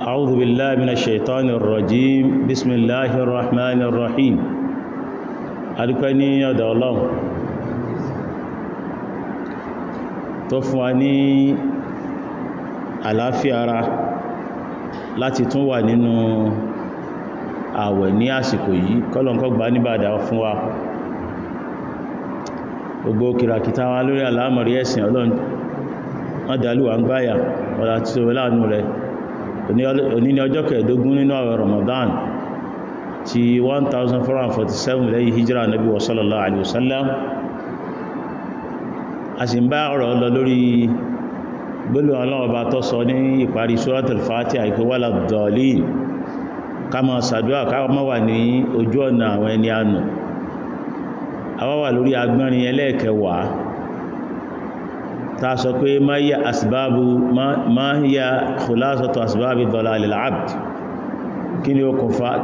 أعوذ بالله من الشيطان الرجيم بسم الله الرحمن الرحيم adúpẹ́ يا ọ̀dọ̀ ọlọ́run tó fún لا ní àlàáfíà ara láti tún wà nínú àwẹ̀ ní àsìkò yìí kọ́lọ̀nkọ́ gbà níbàdà fún wa gbogbo kìràkìtà wa lórí àlámọ̀rí ẹ̀sìn ọlọ́run wọ́n ń gbáyà ọ̀lá tí ó láàánú rẹ̀ òní ni ọjọ́ kẹẹ̀dógún nínú àwẹ̀ Ramadan ti 1447 lẹ́yìn hijira nabi wa sallallahu alaihi wasallam a sì ń bá ọ̀rọ̀ lọ lórí gbólù ọlọ́ọ̀bá tó sọ ní ìparí suratul Fatiha àìkú wà lábdọ̀lì kama sàdúwà kama wà ní ojú ọ̀nà àwọn ẹni ànù àwa wà lórí agbọ́nrin ẹlẹ́ẹ̀kẹwàá ta sọ pé máyà asibábù máyà kòlásọ̀tò asibábù dọ́là alìláàbd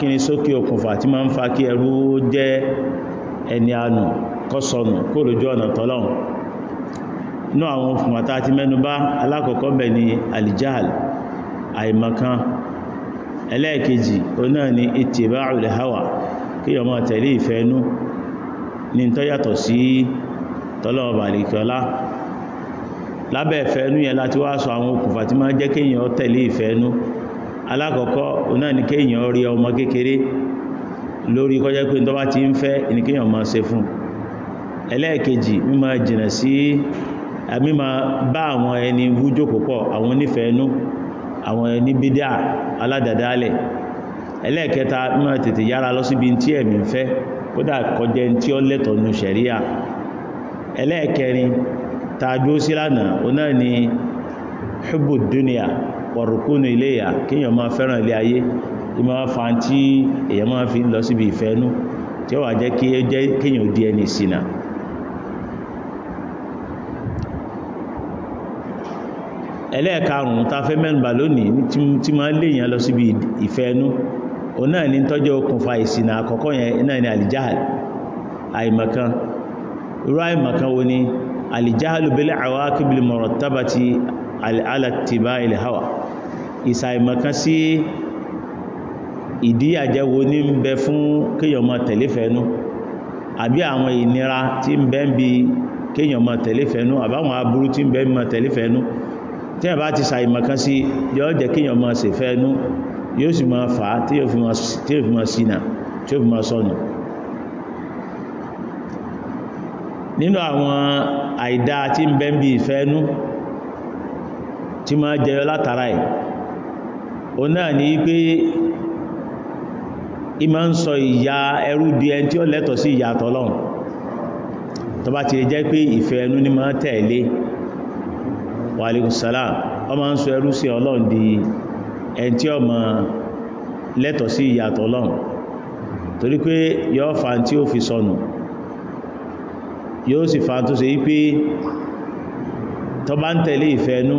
kí ni sókè okùnfà tí ma ń fa kí ẹrú jẹ́ ẹni ànù kọsọ̀nù kó lójú ọ̀nà tọ́lọ́un náà àwọn òfùnmọ̀ta ti mẹ́nubá alákọ̀ọ́kọ́ bẹ̀ ni alìjáàlì àìmọ̀kan ẹlẹ́ẹ̀kejì oná ni ìtìbá àrùlẹ̀háwà kí ọmọ tẹ̀lé ìfẹ́nú ní tọ́yàtọ̀ lábẹ́ ìfẹ́nú yẹn láti wá sọ àwọn okùnfà tí máa jẹ́ kéèyàn tẹ̀lé ìfẹ́nú alákọ̀ọ́kọ́ náà ni kéèyàn rí ọmọ kékeré lórí kọjá pé tó bá ti ń fẹ́ ní kéèyàn máa ṣe fún ẹlẹ́ẹ̀kejì mímọ̀ jìnà sí mímọ̀ bá àwọn ẹni wújò púpọ̀ àwọn onífẹ́nú àwọn ẹni bídá aládàdálẹ̀ ẹlẹ́ẹ̀kẹta mímọ̀ tètè yára lọ síbi tí ẹ̀mí ń fẹ́ kódà kọjẹ́ tí ó lẹ́tọ̀ọ́nù ṣẹ̀ríà ẹlẹ́ẹ̀kẹrin tàbí lánàá o náà ni hubbu dunya warukunu ilayha kíyàn máa fẹ́ràn ilé ayé ìmọ̀ fa tí èyàn máa fi lọ síbi ìfẹ́nú tí ó wà jẹ́ kíyàn ó di ẹni ìsìnà ẹlẹ́ẹ̀karùn-ún ta fẹ́ lónìí tí máa lè yàn lọ síbi ìfẹ́nú ni tọ́jọ́ okùnfà ìsìnà àkọ́kọ́ yẹn ni àlìjáàlì àìmọ̀kan irú àìmọ̀kan wo ni alìjáhálù bílẹ̀ àwákìbìlì mọ̀rọ̀ tábàtí alàtìbá ilẹ̀ hawa ìsàìmọ̀kan sí ìdí àjẹwò ní ń bẹ fún kíyànmọ́ tẹ̀léfẹ́nú àbí àwọn ìnira tí ń bẹ ń bi kíyànmọ́ tẹ̀léfẹ́nú àbáwọn aburú tí ń bẹ mọ́ tẹ̀léfẹ́nú tí ẹ̀bá ti sàìmọ̀kan sí yóò jẹ́ kíyànmọ́ sèfẹ́nú yóò sì máa fà á tí yóò fi máa sínà tí yóò fi máa sọnù nínú àwọn àìdá tí ń bẹ ń bí ìfẹ́nú tí ma jẹyọ látara ẹ̀ o náà ni pé ma ń sọ ìyá ẹrú di ẹni tí ó lẹ́tọ̀ sí ìyà tọ́lọ́run tó bá ti jẹ́ pé ìfẹ́nú ni ma tẹ̀lé ọ ma ń sọ ẹrú di tí ma lẹ́tọ̀ sí torí pé fa tí ó fi sọnù so yóò sì fa tó ṣe wípé tó bá ń tẹ̀lé ìfẹ́ẹnú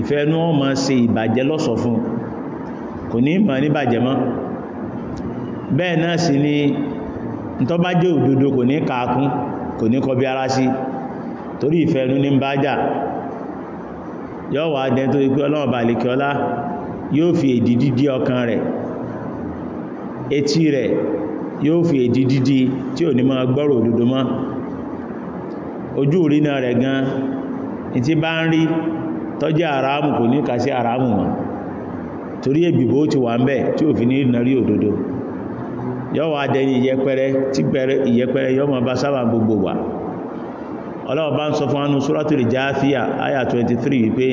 ìfẹ́ẹnú ó máa ṣe ìbàjẹ́ lọ́sọ̀ fún kò ní mọ̀ ní bàjẹ́ mọ́ bẹ́ẹ̀ náà sì ni tó bá jẹ́ òdodo kò ní kàákún kò ní kọbi ara sí torí ìfẹ́ẹnú ní bájà yóò wà dẹ́ tó ikú ọlọ́ọ̀bà àlekíọlá yóò fi èdì dídí ọkàn rẹ̀ etí rẹ̀ yóò fi èdì dídí tí ò ní máa gbọ́rọ̀ òdodo mọ́ ojú ìrìnà rẹ̀ gan tí bá ń rí tọ́jẹ́ àràmù kò ní kà sí àràmù wọn torí èbìbò ti wà ń bẹ̀ tí ò fi ní ìrìnà rí òdodo yọ́ wà ìyẹpẹrẹ tí ìyẹpẹrẹ yọ́ bá sábà gbogbo wà ọlọ́wọ́ bá ń sọ fún anú 23 wípé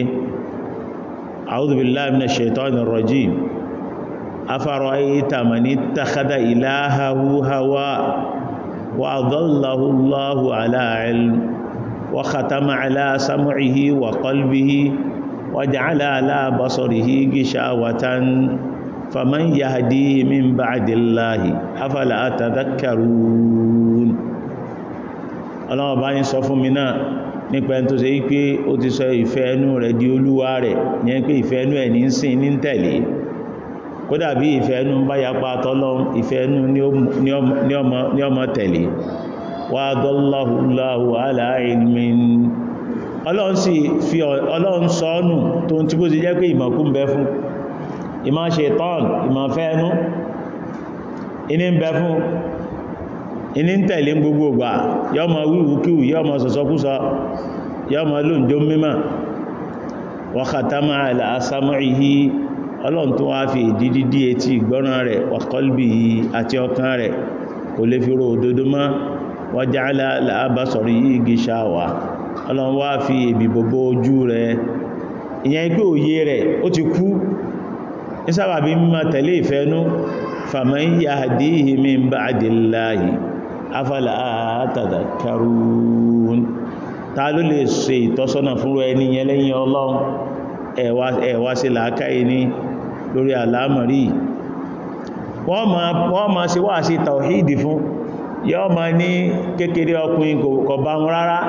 a'udhu billahi minash shaitani rrajim afara'ayta man ittakhadha ilahahu hawa وأضله الله على علم وختم على سمعه وقلبه وجعل على بصره غشاوة فمن يهديه من بعد الله أفلا تذكرون ọlọ́wọ́ bá ń sọ fún mi náà nípa ẹni tó ṣe wípé ó ti kódà bí ìfẹ́ ẹnu bá yapa tọ́lọ́un ìfẹ́ ẹnu ní ọmọ tẹ̀lé wà dọ́láhùláhù aláìlmìn ọlọ́run sì fi ọlọ́run sọ́ọ̀nù tó ń tí bó ti jẹ́ pé ìmọ̀kún bẹ fún ìmọ̀ ṣe tọ́n ìmọ̀fẹ́ ẹnu iní ń bẹ fún iní ń tẹ̀lé gbogbo ògbà yọ́mọ wíwúkíwù yọ́mọ ọlọ́run tó wá fi ìdídídí etí ìgbọ́ràn rẹ̀ ọ̀kọ́lbì àti ọkàn rẹ̀ kò lè fi ro òdodo mọ́ wọ́n já alábàsọ̀rọ̀ yìí gíṣà wà ọlọ́run wá fi èbì gbogbo ojú rẹ̀ ìyẹn pé òye rẹ̀ ó ti kú ní sábàbí ẹ̀wà sí làákàyè ní lórí àlámọ̀rí wọ́n ma wọ́n ma ṣe wà sí tàwíìdì fún yọ́ ma ní kékeré ọkùnrin kò bá rárá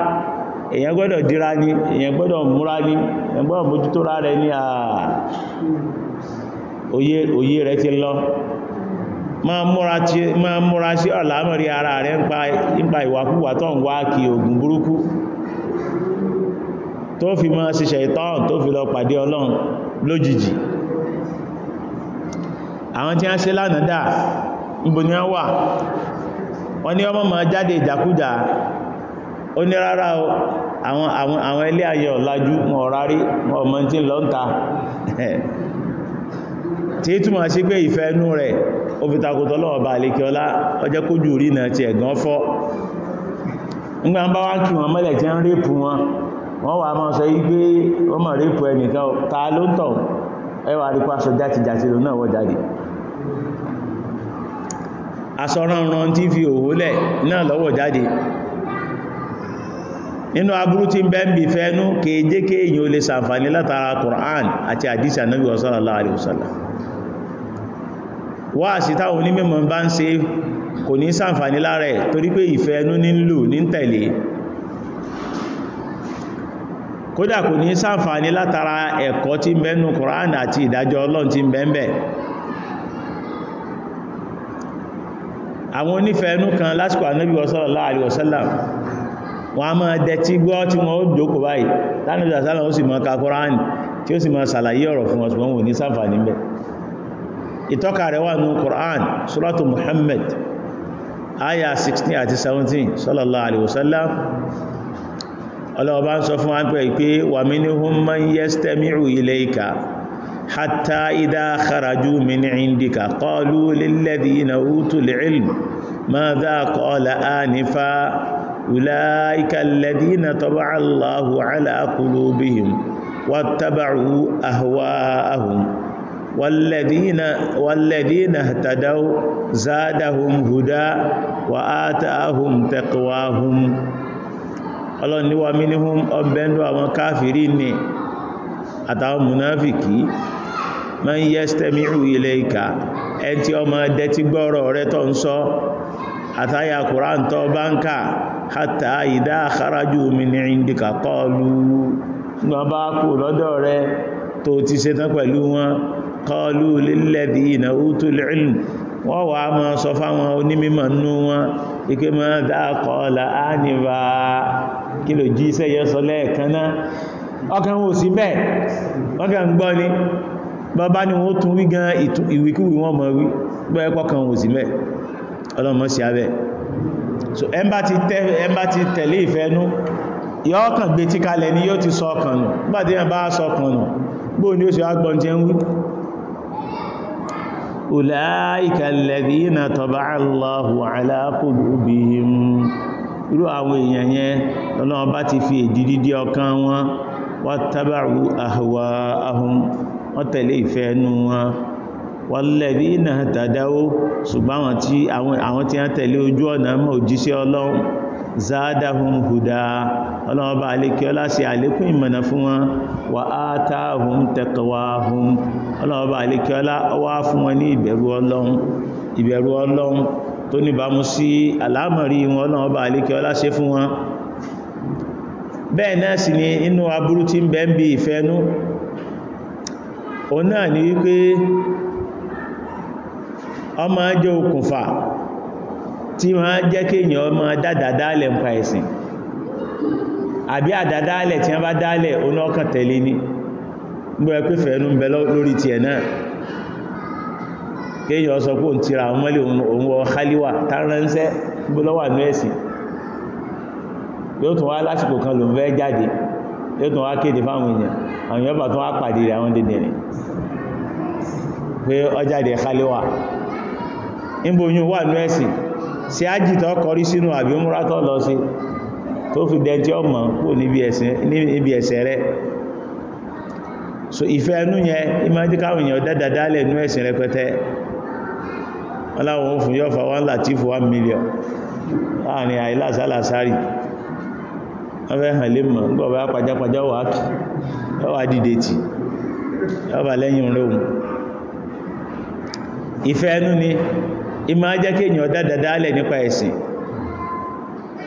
èyàn gbọ́dọ̀ dira ní èyàn gbọ́dọ̀ múrá ní èyàn gbọ́dọ̀ mójútó ní àà òye ti lọ ma múra sí àlámọ̀rí ara rẹ nípa ìwàkúwà tó ń wá kí ogun burúkú tó fi ma ìtọ́ àwọn tí a ṣe lánàá dáa ibo ni a wà wọ́n ni ọmọ ma jáde ìjàkújà ó ní àwọn àwọn àwọn ilé ayé ọ̀lájú wọn ọ̀rárí wọn ọmọ tí lọ ń ta tí túnmà sí pé ìfẹ́ inú rẹ̀ ó fi takòtọ́ lọ́ọ̀bà wọn wọn wọ́n wà sọ yí pé wọ́n mọ̀ ẹnìkan ta ló ń tọ̀ ẹwà játi játi lò náà jáde asọ́rànràn tí fi òhólẹ̀ náà lọ́wọ́ jáde nínú aburú tí ń bẹ́ ń bí fẹ́nú kéèjéké èyàn lè sàǹfàní látara Qur'an àti àdísà Ànábì sallallahu alaihi wasallam wá sí táwọn onímọ̀ bá ń ṣe kò ní sàǹfàní lára ẹ̀ torí pé ìfẹ́nú ní lù ní tẹ̀lé kódà kò ní sàǹfàní látara ẹ̀kọ́ tí ń bẹ́nu Qur'an àti ìdájọ́ Ọlọ́run àwọn onífẹ̀ẹ́nú kan lásìkò ànábì sallallahu alaihi wasallam wọn a máa dẹtí gbọ́ tí wọ́n ó jókòó báyìí lánàbí sọ́lá ó sì máa ka Kùránì tí fún wọn ṣùgbọ́n wọn wà nínú Kùránì suratu Muhammad aya 16 àti 17 sallallahu alaihi wasallam hatta idha kharaju min indika qalu lilladhina utul ilm madha qala anifa ulaika alladhina taba'a Allahu ala qulubihim wattaba'u ahwa'ahum والذين والذين اهتدوا زادهم هدى وآتاهم تقواهم ọlọ́run ní wa minhum ọbẹ̀ndọ̀ àwọn káàfìrí ní àtàwọn munafiki ma ń yẹ́ stẹ́mìrù ilẹ̀ ìkà ẹ tí ọmọ ẹdẹ tí gbọ́rọ̀ rẹ tọ́ ń sọ àtàyà kùrán tọ́ bá ń kà hátà ìdá àkárájú mi ní ìdíkà kọlu wọn bá kù lọ́dọ̀ rẹ tó ti ṣetán pẹ̀lú wọn kọlu lílẹ̀dì ìnà útul ilm wọ́n wà á sọ fáwọn onímọ̀ nú wọn ike máa dá kọ́ọ̀lá ánìbà kí jí iṣẹ́ yẹ sọ lẹ́ẹ̀kan ọkàn wọn sí bẹ́ẹ̀ wọ́n gbọ́ ni bàbá ni wọ́n tún wí gan ìwìkúwì wọ́n mọ̀ wí pẹ́ẹ̀pọ̀ kan wò sí mẹ́ ọlọ́mọ sí abẹ́ so ẹmbá ti tẹ̀lé ìfẹ́nú yọ́ kàn gbé tí kalẹ̀ ní yóò ti sọ ọkàn yàn bá sọ ọkàn nù gbóò ní agbọ́n jẹ́ wí ulaika alladhina wọ́n tẹ̀lé ìfẹ́ ẹnu wọn walladhina ihtadaw ṣùgbọ́n àwọn tí wọ́n tẹ̀lé ojú ọ̀nà mọ́ òjíṣẹ́ Ọlọ́run zadahum huda Ọlọ́run bá alékí ọlá ṣe àlékún ìmọ̀nà fún wọn wa atahum taqwahum Ọlọ́run bá alékí ọlá wá fún wọn ní ìbẹ̀rù Ọlọ́run ìbẹ̀rù Ọlọ́run tó níbàmú sí bá alékí ọlá òun náà ni wípé ọmọ okùnfà tí wọ́n jẹ́ kéèyàn ọmọ dádàdálẹ̀ ń pa ẹ̀sìn àbí àdádálẹ̀ tí wọ́n bá dálẹ̀ oná tẹ̀lé ní gbọ́ ẹ pé fẹ̀ẹ́nú ń bẹ lórí tiẹ̀ náà sọ pé tira àwọn mọ́lẹ̀ òun wọ tánránṣẹ́ gbọ́lọ́wà ní ẹ̀sìn yóò tún wá lásìkò àwọn yọ́bà tó wá pàdé rẹ̀ àwọn dédé rẹ̀ pé ọjáde kálíwà níbòyún wà ní ẹ̀sìn sí ájìtọ́ kọrí sínú àbí múrátọ́ lọ sí tó fi dẹjẹ́ ọmọ kò níbi ẹ̀sẹ̀ rẹ̀ so ìfẹ́ ẹnu yẹn imájíkáwò èèyàn dádádálẹ̀ ní ẹ̀sìn rẹpẹtẹ ọláwọ̀n fún yọ́fà 1 latif 1 million láàrin àìlàsálàsárì fẹ́ hàn lè mọ̀ gbọ́ bá pajápajá wà kì ọwà dìde tì ọba lẹ́yìn olóhun ìfẹ́ ẹnu ni ìmá jẹ́ kí èyàn dáadáa lẹ̀ nípa ẹ̀sìn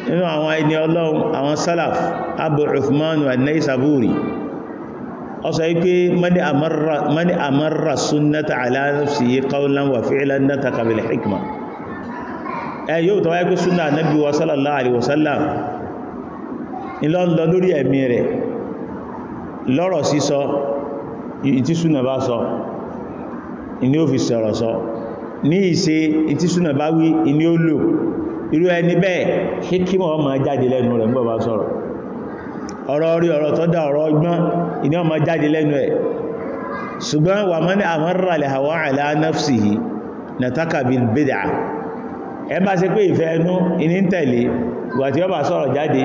nínú àwọn salaf abu uthman an-naysaburi ó sọ wípé mani amarra sunnata ala nafsihi qawlan wa fi'lan nataqa bil hikma ẹ yóò tọ́wọ́ ẹgbẹ́ súnnà Ànábì wa sallallahu alaihi wasallam ìlọ́lọ lórí ẹ̀mí rẹ̀ lọ́rọ̀ sísọ ìtísúnà bá sọ ìní ó fi sọ̀rọ̀ sọ ní ìṣe ìtísúnà bá wí ìní ó lò irú ẹni bẹ́ẹ̀ hikima ó máa jáde lẹ́nu rẹ̀ gbọ́ bá sọ̀rọ̀ ọ̀rọ̀ orí ọ̀rọ̀ tó dá ọ̀rọ̀ ọgbọ́n ìní ó jáde lẹ́nu ẹ̀ ṣùgbọ́n wà mọ́ ní àwọn ràlẹ̀ àwọn àlà nafsihi nàtàkà bil bid'ah ẹ bá ṣe pé ìfẹ́ ẹnu ìní tẹ̀lé ìgbà tí ó bá sọ̀rọ̀ jáde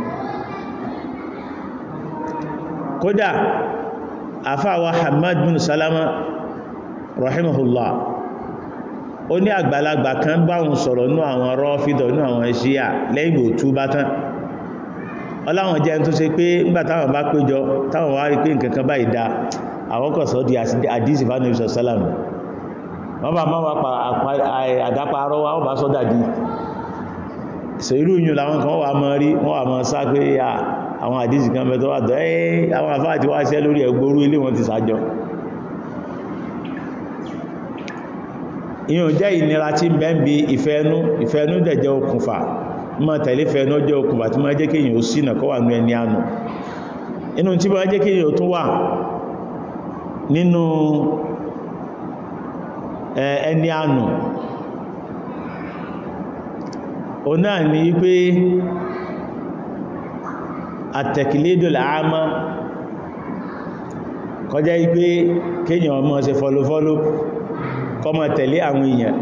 kódà àfáwà Hamad bin Salama rahimahullah ó ní àgbàlagbà kan báwọn sọ̀rọ̀ ní àwọn rọ́fídọ̀ ní àwọn ṣíyà lẹ́yìn òtú bá tán ọláwọn jẹ́ tó ṣe pé nígbà táwọn bá péjọ táwọn wá rí pé di àdísì fánàbí sọ̀sálàmù wọ́n bá máa wà àdápa arọ́ wa wọ́n bá sọ́dà di yìí làwọn kan wà rí wọ́n wà sá pé àwọn àdíjì kan bẹ tó wà tọ́ ẹ́ àwọn àfáà ti wá ṣẹ́ lórí ẹgbórú ilé wọn ti sàjọ ìyàn jẹ́ ìnira tí ń bẹ́ẹ̀bí ìfẹ́ẹnú ìfẹ́ẹnú dẹ̀ jẹ́ okùnfà mọ́ tẹ̀lé fẹ́ẹnú jẹ́ okùnfà tí máa jẹ́ kí èyàn ó sínà kọ́ wà ní ẹni ànà inú tí máa jẹ́ kí èyàn tún wà nínú ẹni ànà òun náà ni wípé àtẹ̀kìlédòlà àmá kọjá ipé kéèyàn ọmọ ṣe fọlọfọlọ kọmọ tẹ̀lé àwọn èèyàn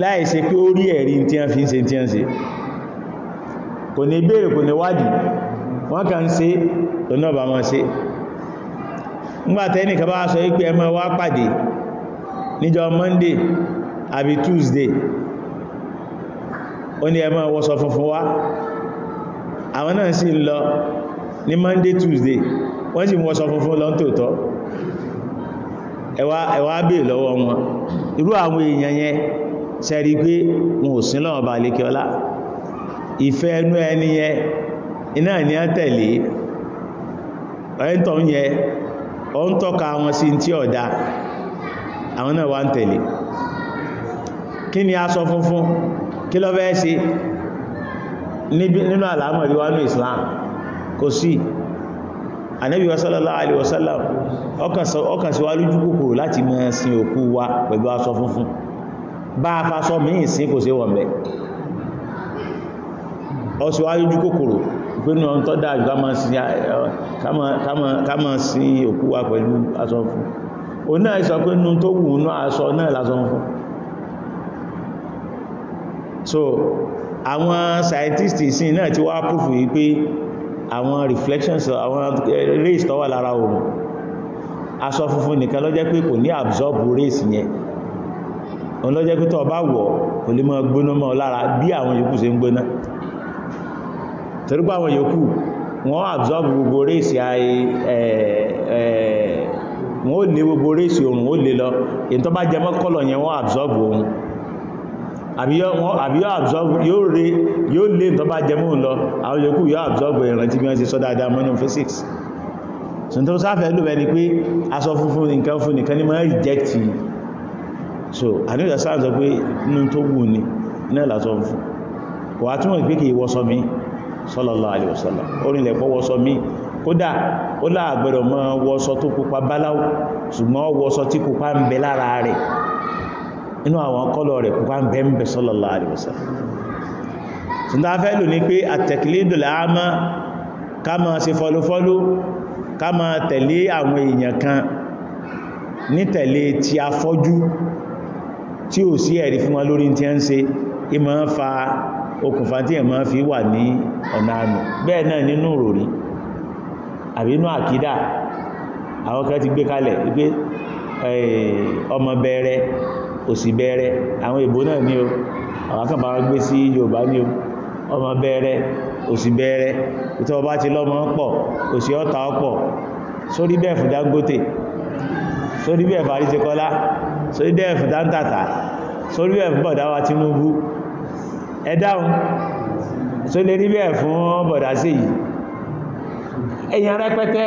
láì ṣe pé ó rí ẹ̀rí tí wọ́n fi ń ṣe tí wọ́n ṣe kò ní béèrè kò ní wádìí wọ́n kàn ṣe lọ́nà ọba wọn ṣe ngbàtẹ́nìkan bá sọ wípé ẹmọ wá pàdé níjọ́ Monday àbí Tuesday ó ní ẹmọ wọ́sọ funfun wá àwọn náà sì ń lọ ní monday tuesday wọ́n sì wọ́n sọ funfun lọ tòótọ́ ẹwà ẹwà bè lọ́wọ́ wọn irú àwọn èèyàn yẹn sẹ́rí pé wọn ò sí lọ́wọ́ bá lékẹ́ ọlá ìfẹ́ ẹnu ẹni yẹn iná ní á tẹ̀lé ọ̀yẹ́ntọ̀ yẹn ọ ń tọ́ka wọn sí tí ọ̀dá àwọn náà wá ń tẹ̀lé kí ni aṣọ funfun kí ló fẹ́ ṣe nínú àlámọ̀ rí wánú Islam kò sí Ànábì sallallahu alaihi wasallam ọkàn sí wá lójú kòkòrò láti mọ́ sin òkú wa pẹ̀lú aṣọ funfun bá a fa sọ mìí sí kò sí wọ̀nbẹ̀ ọ sí wá lójú kòkòrò ìpínu ọ̀n tọ́ dáa jù ká mọ́ sí òkú wa pẹ̀lú aṣọ funfun o náà sọ pé nínú tó wù náà aṣọ náà lásọ funfun àwọn scientists sí náà ti wá púfù yí pé àwọn reflections àwọn eh, rays tó wà lára oòrùn aṣọ funfun nìkan ló pé kò ní absorb rays yẹn òun ló jẹ́ pé tó bá wọ̀ kò lè máa gbóná mọ́ lára bí àwọn yòókù ṣe ń gbóná torí àwọn yòókù wọ́n absorb gbogbo rays eh, eh, wọ́n ó lé gbogbo rays oòrùn ó lè lọ èyí tó bá jẹ kọ́lọ̀ yẹn wọ́n absorb oòrùn àbí yóò absorb yóò re yóò lé nǹkan bá jẹ mún lọ àwọn yòókù yóò absorb ìrántí bí wọ́n ti sọ dáadáa mọ́nà physics tó sáfẹ́ ló bẹ́ ni pé aṣọ funfun nìkan fún nìkan ní máa reject so àníyàn sáà sọ pé inú tó wù ní náà lásọ fún kò wá túnmọ̀ ìpé kì í wọ́sọ mi sallallahu alaihi wasallam orílẹ̀ pọ́ wọ́sọ mi kódà ó láàgbẹ̀rọ̀ mọ́ wọ́sọ tó pupa báláwò ṣùgbọ́n wọ́sọ tí pupa ń bẹ lára rẹ̀ inú àwọn kọ́lọ̀ rẹ̀ pupa ń bẹ́m̀bẹ̀ sallallahu alaihi wasallam tún dáa fẹ́ lò ní pé àtẹ̀kìlídùlá ámá ká máa ṣe fọlúfọlú ká máa tẹ̀lé àwọn èèyàn kan ní tẹ̀lé tí a tí ò sí ẹ̀rí fún wọn lórí tí a ń ṣe ìmọ̀ ń fa okùnfà tí ẹ̀mọ́ fi wà ní ọ̀nà àmì bẹ́ẹ̀ náà nínú òròrí àbí inú àkídà àwọn kan ti gbé kalẹ̀ wípé ọmọ bẹ̀rẹ̀ òsì bẹ̀rẹ̀ àwọn èbó náà ní o àwọn kan bá gbé sí Yorùbá ní o ọmọ bẹ̀rẹ̀ òsì bẹ̀rẹ̀ ìtọ́ ọba ti lọ́mọ pọ̀ òsì ọ̀tá ọ̀pọ̀ sórí bẹ́ẹ̀ fún Dangote sórí bẹ́ẹ̀ fún Arísekọ́lá sórí bẹ́ẹ̀ fún Dantata sórí bẹ́ẹ̀ fún bọ̀dáwà Tinubu ẹ dáhùn tó lè rí bẹ́ẹ̀ fún bọ̀dá sí yìí ẹ̀yàn rẹpẹtẹ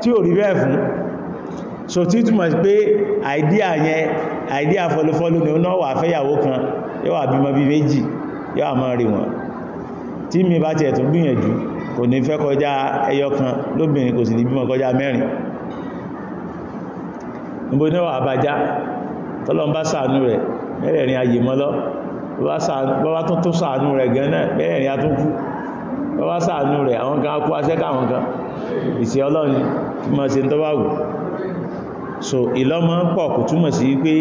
tí ò rí bẹ́ẹ̀ fún so tí pé àìdíà yẹn àìdíà fọlúfọlú ni ó náà wà fẹ́yàwó kan yóò bímọ bí méjì yóò àmọ́ rí wọn tí mi bá ti ẹ̀tún gbìyànjú kò ní fẹ́ kọjá ẹyọ kan lóbìnrin kò sì ní bímọ kọjá mẹ́rin níbo ní wà bàjá tọ́lọ́n bá rẹ̀ tó rẹ̀ gan náà rẹ̀ àwọn kan kú aṣẹ́ káwọn kan ìṣẹ́ ọlọ́run so ìlọ́mọ pọ̀ kò túmọ̀ sí wípé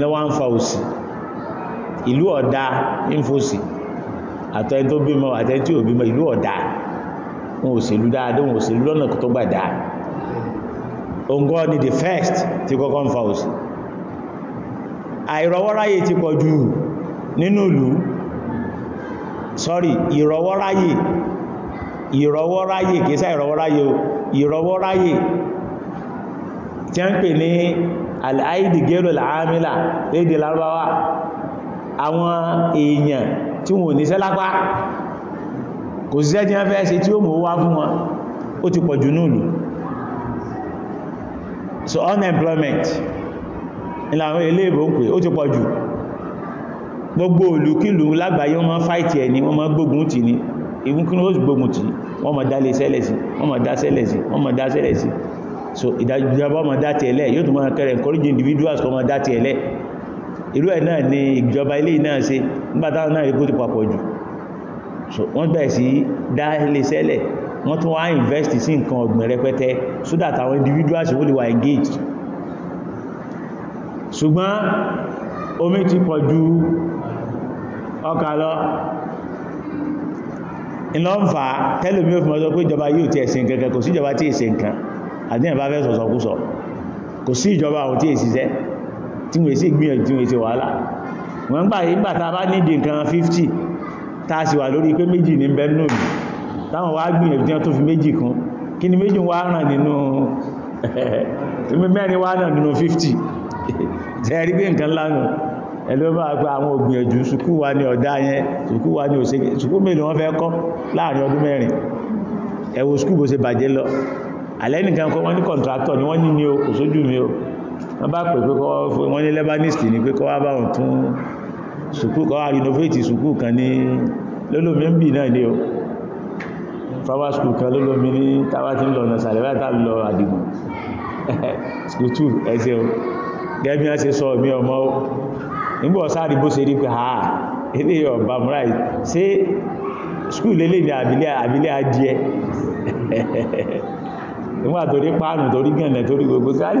lọ́wọ́ ń fa òsì ìlú ọ̀dá ń fòsì àtẹ́ tó bímọ àtẹ́ tí ò bímọ ìlú ọ̀dá wọn ò ṣèlú dáadọ́ wọn lọ́nà tó gbà dáa òǹgọ́ ni the first tí kọ́kọ́ ń fa òsì àìrọwọ́ráyè ti pọ̀ jù nínú ìlú sorry ìrọwọ́ráyè ìrọwọ́ráyè kìí sáà ìrọwọ́ráyè o ìrọwọ́ráyè tí a ń pè ní al'aidi gẹ́rọ al'amila lédè lárúbáwá àwọn èèyàn tí wọ́n ní sẹ́lápá kò sí ẹjẹ́ fẹ́ ṣe tí ó mú wá fún wọn ó ti pọ̀jù núùlù so unemployment ìlànà ilé ìbò ń pè ó ti pọ̀jù gbogbo olùkílù lágbàáyé wọ́n máa fáìtì ẹni wọ́n máa gbógun tì ní ìwúkínú ó sì gbógun tì wọ́n máa dá lé sẹ́lẹ̀ sí wọ́n máa dá sẹ́lẹ̀ sí wọ́n máa dá sẹ́lẹ̀ sí so ìdájọba ọmọ dá ti ẹlẹ́ yóò tún máa kẹrẹ encourage individuals kọ́ máa dá ti ẹlẹ́ irú ẹ̀ náà ni ìjọba ilé náà ṣe nígbàtàwọn náà ikú ti papọ̀ jù so wọ́n bẹ̀rẹ̀ sí dá ilé sẹ́lẹ̀ wọ́n tún wá invest sí nǹkan ọ̀gbìn rẹpẹtẹ so that àwọn individuals wọ́n lè wà engaged ṣùgbọ́n omi ti pọ̀ ju ọkà lọ ìlọ́nfà tẹ́lómi ò fi mọ́ sọ pé ìjọba yóò ti ẹ̀sìn kankan kò sí ìjọba tí ìsìn àdínyàn bá fẹ́ sọ̀sọ̀kúsọ̀ kò sí ìjọba àwọn tí èsìsẹ́ tí wọ́n èsì gbìyànjú tí wọ́n èsì wàhálà wọ́n gbà ìgbà ta bá nídi nǹkan 50 ta sì wà lórí pé méjì ní bẹ́ẹ̀nù mi táwọn wá gbìyànjú tí wọ́n tó fi méjì kún kí ni méjì wá ràn nínú mẹ́rin wá ràn nínú 50 tẹ́rí pé nǹkan lánàá ẹ̀lọ́ bá wa ní ọ̀dá yẹn sùkú wa ní òṣèké sùkú mélòó wọ́n fẹ́ kọ́ láàrin ọdún mẹ́rin bó ṣe bàjẹ́ lọ alẹ́ nìkan kọ́ wọ́n ní kọ̀ǹtrátọ̀ ni wọ́n ní ní o mi o wọ́n bá pè pé kọ́ wọ́n ní lebanese ni pé kọ́ wá bá wọn tún sùkúù kọ́ wá renovate sùkúù kan ní lólómi náà ni o flower school kan lólómi ní táwa ti ń lọ ọ̀nà sàlẹ̀ báyìí táwa lọ àdìgún school two ẹsẹ̀ o gẹ́gẹ́ bí wọ́n ṣe sọ mi ọmọ o nígbà ọ̀sá àdìbò ṣe rí pé ha ilé ọ̀bà múra ṣé school lélẹ̀ ní àbílẹ̀ adìẹ níwà torí páànù torí gànlẹ̀ torí gbogbo gáàlì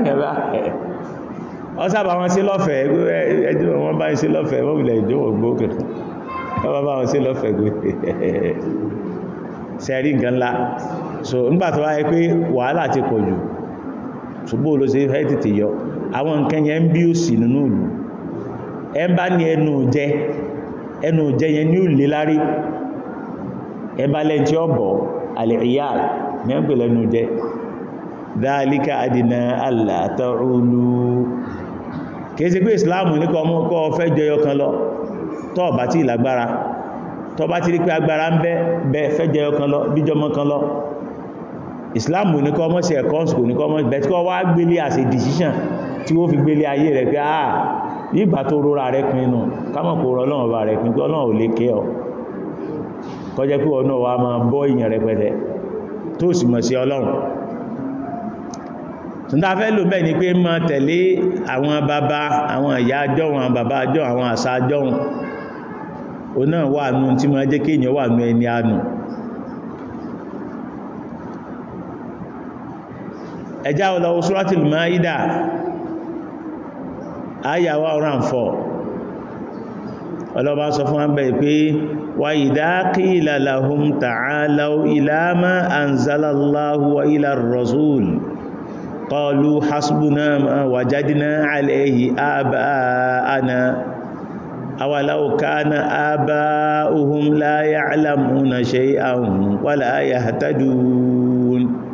wọ́n sábà wọn sí lọ́fẹ̀ẹ́ ẹjọ́ wọn bá ń sí lọ́fẹ̀ẹ́ wọ́n wùlẹ̀ ìjọ́wọ̀ gbókè wọ́n bá wọn sí lọ́fẹ̀ẹ́ gbé sẹ́rí nǹkan ńlá so nígbà tó wáyé pé wàhálà ti pọ̀ jù ṣùgbọ́n ló ṣe fẹ́ tètè yọ àwọn nǹkan yẹn ń bí nínú ìlú ẹ bá ní ẹnu jẹ ẹnu jẹ yẹn ní dáálíkà àdínà àlàtàrúlú kìí ṣe pé islam ní kọ mú kọ́ fẹ́ jẹyọ kan lọ tọ́ bá ti lágbára tọ́ bá ti rí pé agbára ń bẹ bẹ fẹ́ jẹyọ kan lọ bíjọmọ kan lọ islam ní kọ́ mọ́ sí ẹ̀kọ́ ṣùkò ní kọ́ mọ́ bẹ̀ tí kọ́ wá gbélé àṣẹ decision ah, tó sì mọ̀ sí ọlọ́run tunda fẹ́ lò bẹ́ẹ̀ ni pé mọ́ tẹ̀lé àwọn bàbá àwọn ìyá àjọ àwọn bàbá àjọ àwọn àṣà àjọ o náà wà nù tí mọ́ jẹ́ kéèyàn wà nù ẹni ànù ẹjá ọlọ́wọ́ Suratul Maida àyà 104 ọlọ́bá sọ fún àbẹ̀ pé wa idha qila lahum ta'alaw ila ma anzalallahu wa qalu hasbuna ma wajadna alayhi aba'ana awalau kana aba'uhum la ya'lamuna shay'an wala yahtadun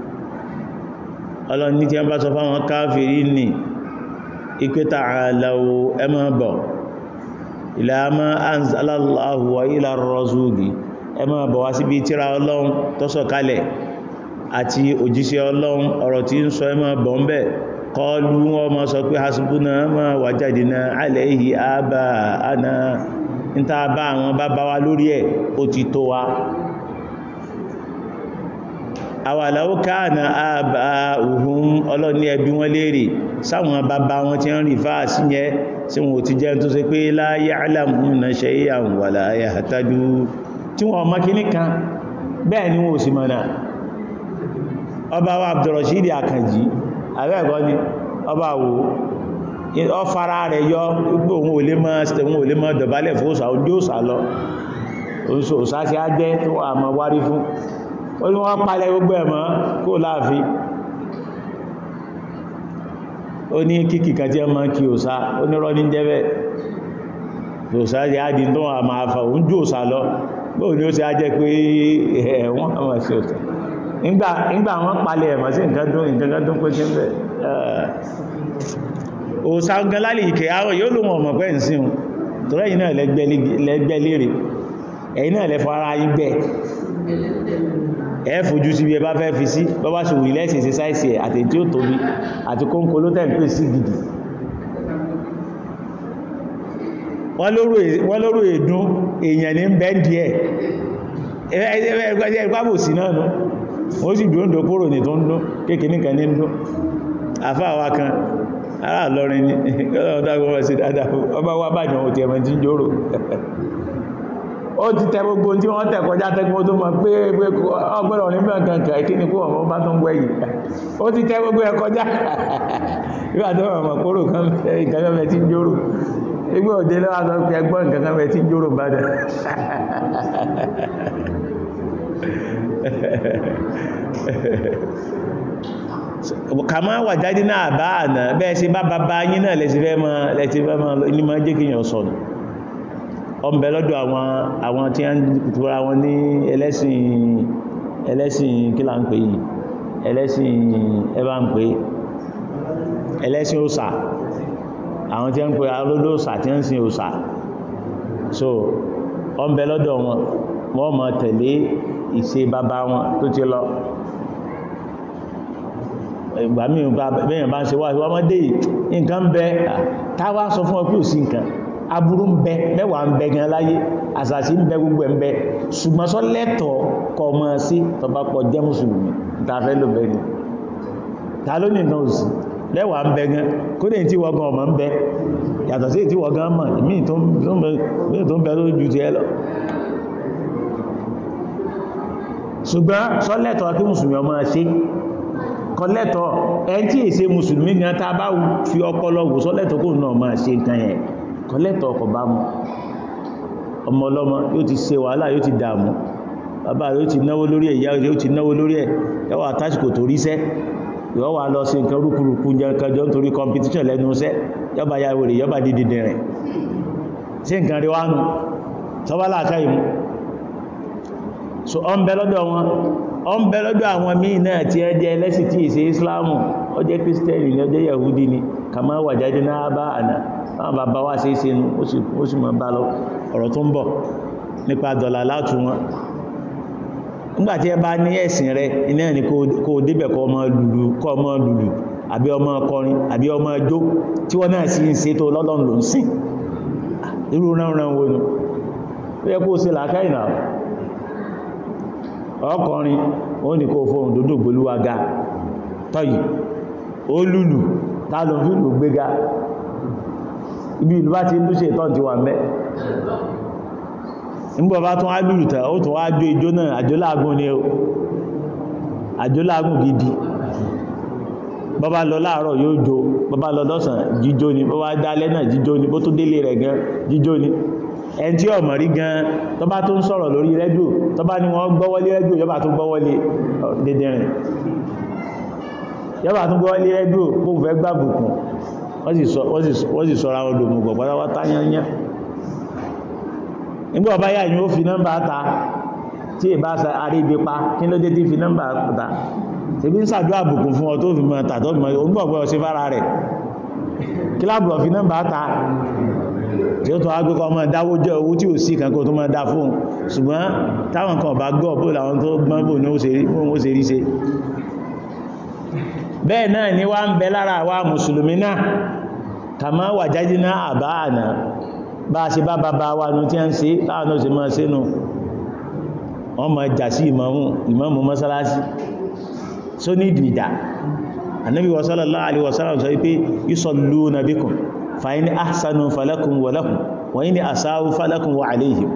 ọlọ́ni tí a bá sọ fáwọn káfìrí ní ìpẹta àlàwò ẹmọ́bọ̀ ìlàmọ́ anzalallahu wa ila rasuli ẹmọ́bọ̀ wá síbi tíra ọlọ́run tó àti òjíṣẹ́ ọlọ́run ọ̀rọ̀ tí ń sọ ẹmọ́ bọ̀m̀bẹ̀ kọlu wọn mọ́ sọ pé hasbuna ma wajadina alayhi àbà àna níta bá àwọn bàbá wa lórí ẹ̀ ó ti tó wa àwàláwó káàna àbà òhun ọlọ́ni ẹbí wọn léèrè sáwọn bàbá wọn ti ń rí fáà sí tí wọn ti jẹ́ tó ṣe pé la ya'lamuna shay'an wala yahtadu tí wọn ọmọ kíní kan bẹ́ẹ̀ ni wọn ò sì mọ̀nà ọba wa Abdulrasheed Àkànjí àbẹ́ẹ̀kọ́ ni ọba wo ọfara rẹ̀ yọ gbogbo òun ò lè mọ́ òun ò lè mọ́ dọ̀bálẹ̀ fún òsà ojú òsà lọ oṣù òsà sí á jẹ́ tó wà mọ́ wárí fún ó ní wọ́n palẹ̀ gbogbo ẹ̀mọ́ kó láàfin ó ní kíkì kan tí ẹ máa kí òsà ó ní rọ́ní jẹ́bẹ̀ òsà sí á di tó wà máa fà òun jù òsà lọ bóò ni ó sì á pé ẹ̀wọ̀n àwọn ẹ̀sẹ̀ òsà nígbà nígbà wọ́n palẹ̀ ẹ̀mọ̀ sí ìgádún ìgádún pé kí ń bẹ̀ òsà gan lálẹ́ ìkẹ́ àwọ̀ yóò lòun ọmọ pẹ́ ìsìn tọ́rọ yìí náà lẹ́gbẹ́ lérè ẹ̀yìn náà lẹ́fọ́ ara yìí gbẹ̀ ẹ fojú sí bí ẹ bá fẹ́ fi sí bọ́bá ṣe wù ilẹ̀ ìṣẹ̀ṣẹ̀ sáìsì ẹ̀ àti tí ó tóbi àti kóńkó ló tẹ̀ ń pè sí gidi wọ́n lóró èdún èèyàn ní bẹ́ndì ẹ̀ ẹgbẹ́ ìgbàbòsí náà nù ó sì dúndò kúrò ní tó ń dún kékeré kan ní dún àfáàwà kan ará lọrin ní ọdágbọ́n sí dáadáa ọba wá bàjọ́ òtí ẹ̀mọ̀ tí ń jòrò ó ti tẹ gbogbo tí wọ́n tẹ̀ kọjá tẹ́gbọ́n tó mọ̀ pé ọgbọ́dọ̀ nígbà kankan kí ni kó ọmọ bá tó ń wẹ̀yìn ó ti tẹ gbogbo ẹ kọjá ìgbà tó ọmọ kóró kan ìkankan mẹ́ tí ń jòrò ìgbà òde lọ́wọ́ kàmá wà jáde náà bá àná bẹ́ẹ̀ sí bá bàbá yí náà lẹ́sí fẹ́ mọ́ lẹ́sí fẹ́ mọ́ ní máa jẹ́ kíyàn sọ̀nù ọmọbẹ̀ lọ́dọ̀ àwọn tí wọ́n kùtùra wọn ní ẹlẹ́sìn ẹlẹ́sìn kí là ń pè yìí ẹlẹ́sìn ẹbá ń pè ẹlẹ́sìn òsà àwọn tí wọ́n pè alódó òsà tí wọ́n sin òsà so ọmọbẹ̀ lọ́dọ̀ wọn wọ́n máa tẹ̀lé ìṣe bàbá wọn tó ti lọ ìgbà míì bẹ́yàn bá ń ṣe wáṣíwá ọmọdé nǹkan ń bẹ táwa sọ fún ọ pé ò sí nǹkan aburú ń bẹ mẹ́wàá ń bẹ gan láyé àṣàṣì ń bẹ gbogbo ẹ̀ ṣùgbọ́n sọ lẹ́tọ̀ọ́ kọ mọ́ sí tọba pọ̀ jẹ́ mùsùlùmí ni ta ló nìkan ò sí mẹ́wàá ń bẹ gan kó lè tí wọ́n gan ọmọ ṣùgbọ́n sọ́lẹ̀tọ̀ kí mùsùlùmí ọmọ ṣe kọlẹ́tọ̀ ẹn tí èsẹ mùsùlùmí gan ta bá fi ọpọlọ wò sọ́lẹ̀tọ̀ kò náà máa ṣe nǹkan yẹn kọlẹ́tọ̀ ọkọ̀ bá mu ọmọ ọlọ́mọ yóò ti ṣe wàhálà yóò ti dààmú bàbá yóò ti náwó lórí ẹ̀ ìyá yóò ti náwó lórí ẹ̀ ẹwà tásìkò tó ríṣẹ́ yóò wà lọ sí nǹkan rúkúrúkú jẹunkanjọ nítorí competition lẹ́nu iṣẹ́ yọba ya wèrè yọba dídì dẹ̀rẹ̀ sí nǹkan rí wánu sọ́bálà káyìmú so ọ ń bẹ lọ́dọ̀ wọn ọ ń bẹ lọ́dọ̀ àwọn míì náà tí ẹ jẹ ẹlẹ́sì tí ìṣe islamu ó jẹ́ kírísítẹ́nì yahudi ni kàmá wà jáde náà bá àná àwọn bàbá wà sí ìṣe ó sì bá lọ ọ̀rọ̀ tó ń bọ̀ nípa dọ̀là látù wọn ẹ bá kọrin àbí ọmọ tí wọ́n náà ń ṣe tó lọ́lọ́run ló ń ọkọrin ó ní kó fóhùn dúdú gbólúwaga tọ́yì ó lùlù tààlù fílù gbéga ibi ìlú bá ti ń dúṣe ìtọ́ ti wà mẹ́ nígbà bá tún á lùlù tẹ̀ ó tún wá jó ijó náà àjọlágún ni ó gidi bọ́bá lọ láàárọ̀ yóò jó bọ́bá lọ lọ́sàn jíjó ni bọ́bá dálẹ́ náà jíjó ni bó tó délé rẹ̀ gan jíjó ni ẹn tí ọmọ rí gan tó bá tó ń sọ̀rọ̀ lórí rẹ́díò tó bá ní wọ́n gbọ́wọ́lé rẹ́díò yọ́bà tó gbọ́wọ́lé dédérin yọ́bà tó gbọ́wọ́lé rẹ́díò kó fẹ́ gbàbùkùn wọ́n sì sọ́ra wọn lòmù gbọ̀ pátápátá yányán nígbà ọba yà yóò fi nọ́mbà ta tí ìbá aríbi pa kí ló dé tí fi nọ́mbà ta tèmi ń sàdó àbùkùn fún tí ó tún agbékọ́ ọmọ dáwó jẹ́ owó tí ò sí kankan tó máa dá fún ṣùgbọ́n táwọn kan bá gọ́ bó làwọn tó gbọ́n bò ní ó ṣe rí ṣe bẹ́ẹ̀ náà ni wá ń bẹ lára àwa mùsùlùmí náà kàmá wà jájí náà àbá àná bá a ṣe bá bàbá wa nu tí a ń ṣe láwọn náà fàyín ahsanu falakun walakun wọ́n yí ni asáwú falakun wa aléhìm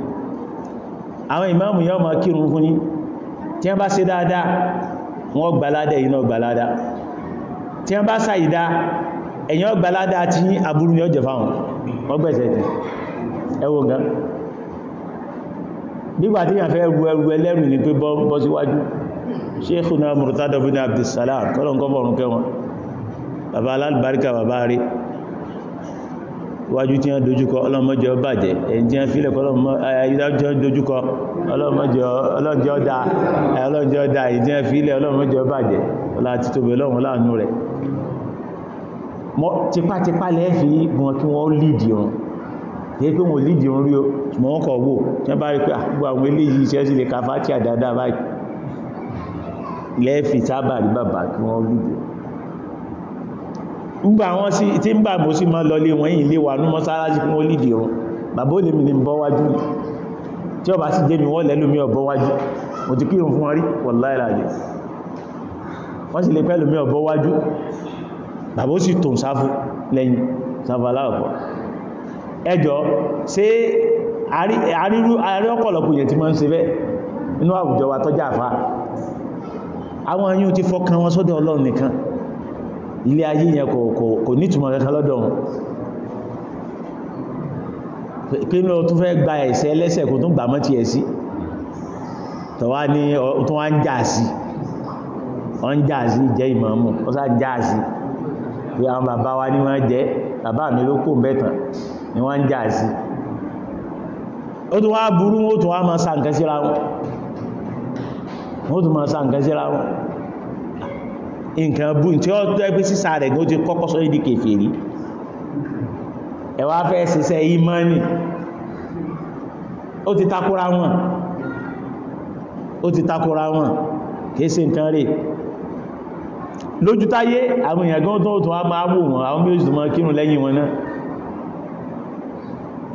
àwọn ìmáàmù yóò máa kírun fún ní tí wọ́n bá ṣe dáadáa wọ́n gbalada yìí náà gbalada tí wọ́n bá ṣàìdá ẹ̀yàn gbalada àti aburú ni ó jẹ fáwọn wọ́n gbẹ̀sẹ̀ gan iwájú tí wọ́n dojúkọ ọlọ́mọjọ́ bàjẹ́ ẹ̀yìn tí wọ́n fílẹ̀ dojúkọ ọlọ́mọjọ́ dá ẹ̀yìn tí wọ́n fílẹ̀ ọlọ́mọjọ́ bàjẹ́ ọlá ti tóbi ọlọ́run láàánú rẹ̀ tipátipá lẹ́ fi wọn kí wọ́n lìdì ọ̀run yẹ pé wọn lìdì ọ̀run rí o mọ́ ọkọ̀ wò tí wọ́n bá rí pé àgbà ah, àwọn eléyìí iṣẹ́ sí lè kàfá tí àdáadáa báyìí lẹ́ẹ̀fì sábà rí bàbá kí wọ́n lìdì ọ̀run ngbà wọn sí tí ń bà mọ́ sí máa lọlé wọn yìí lè wà ní mọ́sálásí fún olídìí wọn bàbá olè mi ni bọ́ wájú tí ọba sì jẹ́ mi wọ́n lẹ́lómi ọ̀bọ́ wájú mo ti kírun fún wọn rí wọ̀láì láàyè wọ́n sì lè pẹ́ lómi ọ̀bọ́ wájú bàbá ó sì tò ń sáfú lẹ́yìn sáfàlá ọ̀pọ̀ ẹjọ́ ṣé àrí ọ̀pọ̀lọpọ̀ èèyàn tí máa ń ṣe bẹ́ẹ̀ nínú àwùjọ wa tọ́jà àfá àwọn ayún ti fọkàn wọn sọ́dọ̀ Ọlọ́run nìkan ilé ayé yẹn kò nítumọ̀ kankan lọ́dọ̀ wọn pé ní o tún fẹ́ gba ẹ̀ṣẹ̀ ẹlẹ́ṣẹ̀ kò tún gbà mọ́ ti ẹ̀sí tọ́wá ní ọ̀tún wá ń jà sí ọ ń jà sí jẹ́ ìmọ̀ọ́mù ó sá jà sí pé àwọn bàbá wa ní wọ́n jẹ́ bàbá mi ló kó mẹ́tàn ni wọ́n ń jà sí ó tún wá burú ó tún wá máa sa nǹkan síra wọn nǹkan bú tí ó tẹ́ pé sísà rẹ̀ ní ó ti kọ́kọ́ sọ ìdí kèfèrí ẹ wá fẹ́ ṣiṣẹ́ ìmánì ó ti takora wọn ó ti takora wọn kìí ṣe nǹkan rẹ̀ lójútáyé àwọn èèyàn gan tó tó wá máa wò wọn àwọn méjì tó máa kírun lẹ́yìn wọn náà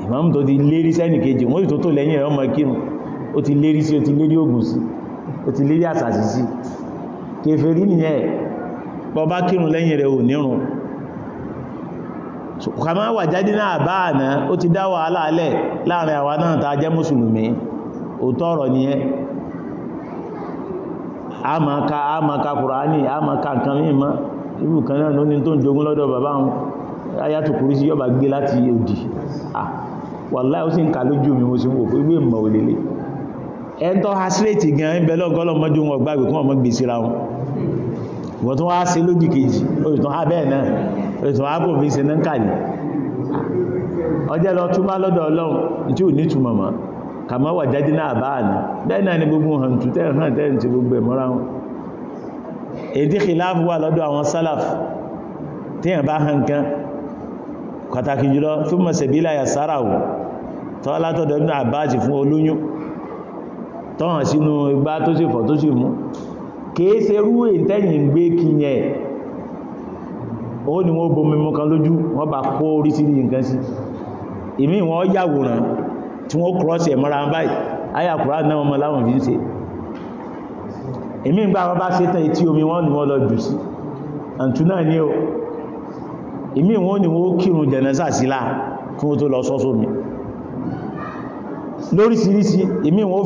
ìmáàmù tó ti lérí sẹ́nì kejì wọ́n tó tó lẹ́yìn ẹ̀rọ máa kírun ó ti lérí sí ó ti lérí ògùn sí ó ti lérí àsàsì sí kèfèrí nìyẹn bọ́bá kírun lẹ́yìn rẹ̀ ò nírun kàmá wà jáde náà bá àná ó ti dá wàhálà alẹ́ láàrin àwa náà ta jẹ́ mùsùlùmí òótọ́ ọ̀rọ̀ nìyẹn a máa ka kùránì a máa ka nǹkan kan náà ló ní tó ń jogún lọ́dọ̀ bàbá wọn kúrú sí yọba gbé láti òdì ó sì ń lójú mi mo sì ń wò fún ìwọ̀n tó wá sí lójì kejì olùtàn abẹ́ náà olùtàn ààbò fi ṣe náà kàlì ọjẹ́ lọ túbá lọ́dọ̀ ọlọ́run tí ò ní túmọ̀ mọ́ kàmọ́ wà jáde náà bá àná bẹ́ẹ̀ náà ni gbogbo hàn tún tẹ́ hàn tẹ́ ti gbogbo ẹ̀ mọ́ra wọn èdè kìláàfù wà lọ́dọ̀ àwọn sálàf téèyàn bá hàn kan pàtàkì jùlọ tó mọ̀ sẹ̀bílà yà sára wò tọ́ látọ̀dọ̀ nínú àbáàjì fún olóyún tọ́hàn sínú igbá tó sì fọ̀ tó sì mú kìí ṣe rú ìtẹ́yìn gbé kí yẹn ó ní wọ́n bomi mú kan lójú wọ́n bá kó orí sí nǹkan sí ìmí wọ́n yàwòrán tí wọ́n kúrọ́sì ẹ̀ mọ́ra báyìí ayà náà fi ń ṣe ìmí gbà wọ́n bá ṣe omi wọ́n ni wọ́n lọ jù sí náà ní o ìmí wọ́n ni wọ́n kírun jẹ̀nẹ́sà sílá kí wọ́n tó lọ sọ́sọ́ mi ìmí wọ́n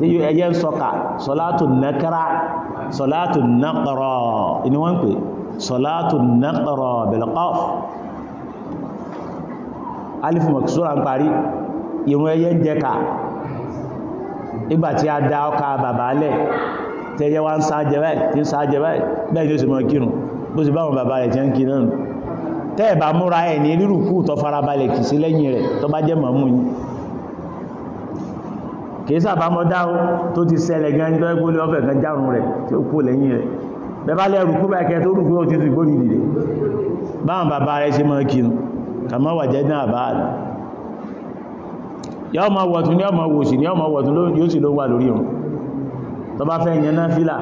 ẹyẹ ń sọkà sọlátù nàkàrà sọlátù nàkàrà ni wọ́n ń pè sọlátù nàkàrà bilqaf alif maksura ń parí ìrun ẹyẹ ń jẹka nígbàtí a dá ọkà bàbá lẹ̀ tẹ́yẹ wá ń sáájẹ báyìí tí ń sáájẹ báyìí bẹ́ẹ̀ ni ó sì mọ́ kírun bó sì báwọn bàbá rẹ̀ tí ń kírun tẹ́ẹ̀ bá múra ẹ̀ ní rírùkú tó farabalẹ̀ kì sí lẹ́yìn rẹ̀ tó bá jẹ́ mọ̀mú yìí kìí sàbámọ́ dáwó tó ti ṣẹlẹ̀ gan ní tọ́jú pólí ọ̀fẹ́ kan járun rẹ̀ tí ó kú lẹ́yìn rẹ̀ bẹ́ẹ̀ bá lẹ́rù kú báyìí kẹtó rúgbó ti ti gbóni dìde báwọn bàbá rẹ̀ ṣe máa kinu kàmọ́ wà jẹ́ náà bá àlọ́ yọ́ máa wọ̀tún yọ́ máa wòsì yọ́ máa wọ̀tún yóò sì ló wà lórí òun tó bá fẹ́ yẹn náà fílà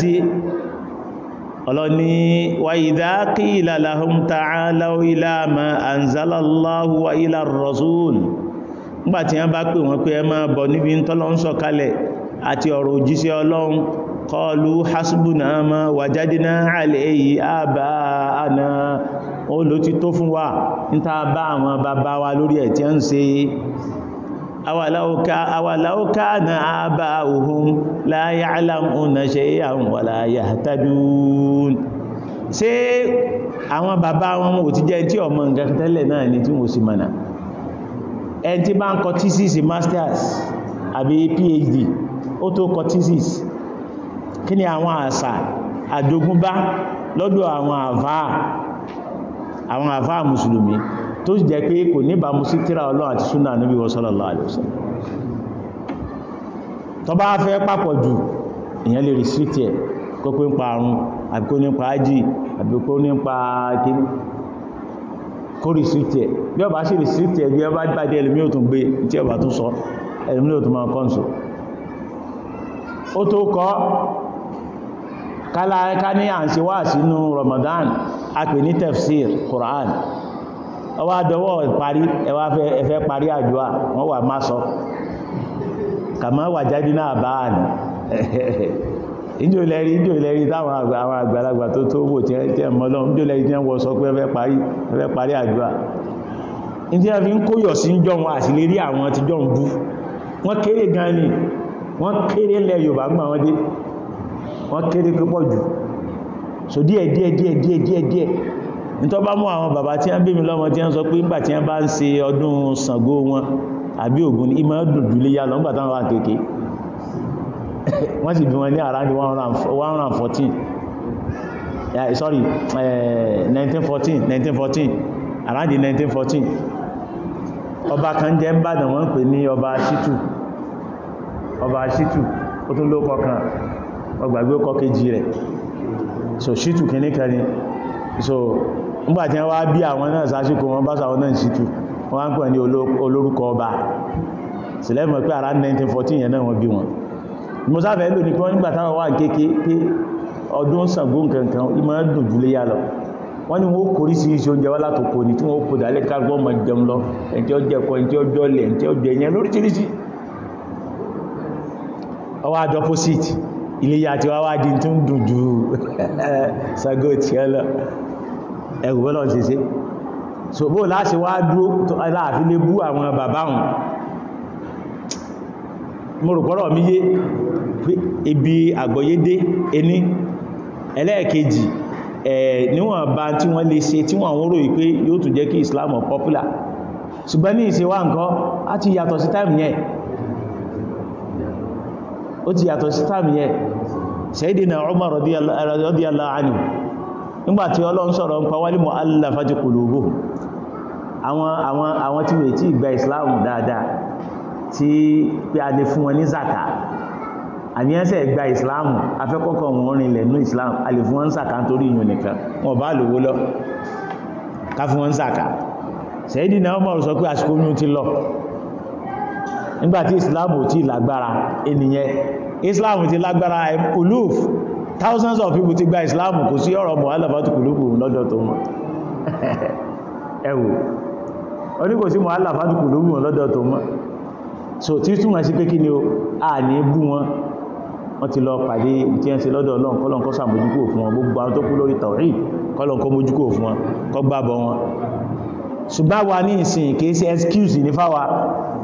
sí ọlọ́ni wa idha qila lahum ta'alaw ila ma anzala Allahu wa ila ar-rasul nígbàtí wọ́n bá pè wọ́n pé ẹ máa bọ̀ níbi tọ́lọ́hun sọ̀kalẹ̀ àti ọ̀rọ̀ òjíṣẹ́ ọlọ́run qalu hasbuna awàláwọ́ká na àbá òhun láyá aláhùn ṣe àwọn wàláyà tàbíún ṣe àwọn bàbá wọn ò ti jẹ́ tí ọmọ nǹkan tẹ́lẹ̀ náà ni tí wọ́n sì mọ̀nà ẹn tí bá ń kọ thesis masters àbí phd ó tó kọ thesis kí ni àwọn àṣà àjogúnbá lọ́dọ̀ àwọn àfáà àwọn àfáà mùsùlùmí tó sì jẹ́ pé kò ní bàmú sí tíra ọlọ́run àti súnà níbi sallallahu alaihi wasallam tó bá fẹ́ papọ̀ jù èèyàn lè restrict ẹ̀ kó pé ń pa àrùn àbí kó nípa ájì àbí kó nípa kíní kó restrict ẹ̀ bí ọba sì restrict ẹ̀ bí ọba gbádẹ́ ẹlòmí ò tún gbé tí ọba tún sọ ẹlòmí ò tún máa kọ́ǹsù ó tó kọ́ kálá ká ní à ń ṣe wá sínú Ramadan a pè ní tafsir Quran ọwá dọwọ́ parí ẹwà ẹfẹ́ parí àjúwà wọ́n wà má sọ kàmá wà jáde náà bá àní ìjòlẹ́rí ìjòlẹ́rí táwọn àgbàlagbà tó tó wò tí ẹ mọ́lọ́ ìjòlẹ́rí tí ẹ wọ sọ pé ẹfẹ́ parí ẹfẹ́ parí àjúwà ìdí ẹ fi ń kóyọ̀ sí jọun àṣìlérí àwọn ti jọun bú wọ́n kéré gan ni wọ́n kéré lẹ Yorùbá gbà wọ́n dé wọ́n kéré púpọ̀ jù so díẹ̀ díẹ̀ díẹ̀ díẹ̀ díẹ̀ díẹ̀ nítọ́ bá mú àwọn bàbá tí a ń bí mi lọ́mọ tí a ń sọ pé ńgbà tí a bá ń ṣe ọdún Ṣàngó wọn àbí Ògún ní ìmọ̀ dùdú lé yá lọ ńgbà wà kéèké wọ́n sì bí wọn ní around 114 yeah, sorry eh, 1914 1914 around 1914 ọba kan jẹ́ ń bàdàn wọ́n ń pè ní ọba Ṣítù ọba Ṣítù ó tún ló kọkàn ọgbàgbé ó rẹ̀ so Ṣítù kìíní so nígbàtí wọ́n wá bí àwọn náà sásìkò wọn bá sàwọn náà ṣìtù wọ́n wá ń pẹ̀ ní olórúkọ ọba sílẹ̀mọ̀ pé ara 1914 yẹn náà wọ́n bí wọn mo sáfẹ́ lò ní pé wọ́n nígbà táwọn wà kéèké pé ọdún Ṣàngó nǹkankan ìmọ̀ dùn jùlé yá lọ wọ́n ní wọ́n kórí sí iṣẹ́ oúnjẹ wá látòkò ní tí wọ́n kó dálé kágbọ́n mọ̀ jẹun ẹ̀rù bọ́lọ̀ ti ṣe so bó láti wá dúró láàfin lè bú àwọn bàbá hùn mo rò pọ́rọ̀ mi yé ibi àgbọ̀yédé ení ẹlẹ́ẹ̀kejì ẹ̀ níwọ̀n bá tí wọ́n lè ṣe tí wọ́n rò pé yóò tún jẹ́ kí Islam popular ṣùgbọ́n ní ìṣe wá nǹkan á ti yàtọ̀ sí táìmù yẹn ó ti yàtọ̀ sí táìmù nígbàtí ọlọ́run sọ̀rọ̀ ń pa wálé mọ̀ aláfàájú kòlòbò àwọn àwọn àwọn tí wèé tí ìgbà ìsìláàmù dáadáa tí pé a lè fún wọn ní zaka àníyànṣẹ́ ìgbà ìsìláàmù afẹ́kọ́kọ́ wọn rìnlẹ̀ ní ìsìláàmù a lè fún wọn zaka nítorí ìyún nìkan wọn bá lówó lọ ká fún wọn zaka sẹ́yìdì náà mọ̀ sọ pé àsìkò oyún ti lọ nígbàtí ìsìláàmù ò lágbára ènìyàn ìsìláàmù ti lágbára olúùfù thousands of people ti gba islam kò sí ọ̀rọ̀ mu'allafatu qulubuhum lọ́jọ́ tó mọ̀ ẹ̀wò oní kò sí mu'allafatu qulubuhum lọ́jọ́ tó mọ̀ so tí túnmọ̀ sí pé kí ni o a ní bú wọn wọ́n ti lọ pàdé tí ẹ́ ń ṣe lọ́dọ̀ ọlọ́run kọ́lọ̀n kọ́ sàmójúkò fún wọn gbogbo àwọn tó kú lórí tàwí kọ́lọ̀n kọ́ mójúkò fún wọn kọ́ gbàbọ̀ wọn ṣùgbọ́n wa ní ìsìn kìí ṣe excuse ní fáwa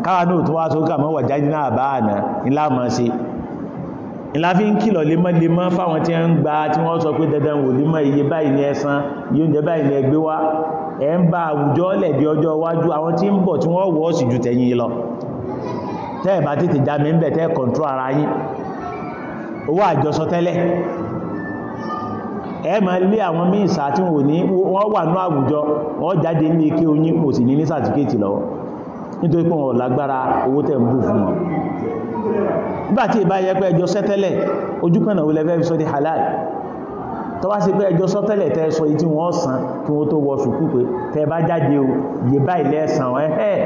káwa náà tó wá tó kà mọ́ wà jáde náà bá àná ńlá mọ́ sí i ìláfí ń kìlọ̀ lemọ́lemọ́ fáwọn tí ń gba tí wọ́n sọ pé dandan wò límọ̀ iye báyìí ní ẹsan iye oúnjẹ báyìí ní ẹgbẹ́ wá ẹ̀ ń bá àwùjọ lẹ̀dí ọjọ́ iwájú àwọn tí ń bọ̀ tí wọ́n wọ́ sí ju tẹ̀yìn lọ tẹ́ẹ̀ bá tètè já mi ń bẹ̀ tẹ́ẹ̀ kọ̀ǹtró ara yín owó àjọsọ tẹ́lẹ̀ ẹ máa lé àwọn míì sá tí wọ́n ní wọ́n wà ní àwùjọ wọ́n jáde ní ike oyin kò sì ní ní sàtíkèètì lọ́wọ́ nítorí pé wọn ò lágbára owó tẹ̀ ń bù fún wọn nígbà tí ìbá yẹ pé ẹjọ́ sẹ́tẹ́lẹ̀ ojúkànnà olè fẹ́ fi sọ di halal tó wá sí pé ẹjọ́ sọ́tẹ́lẹ̀ tẹ́ sọ ìtí wọ́n sàn kí wọ́n tó wọ ṣùkú pé tẹ́ bá jáde o yẹ báyìí lẹ́sàn ẹ́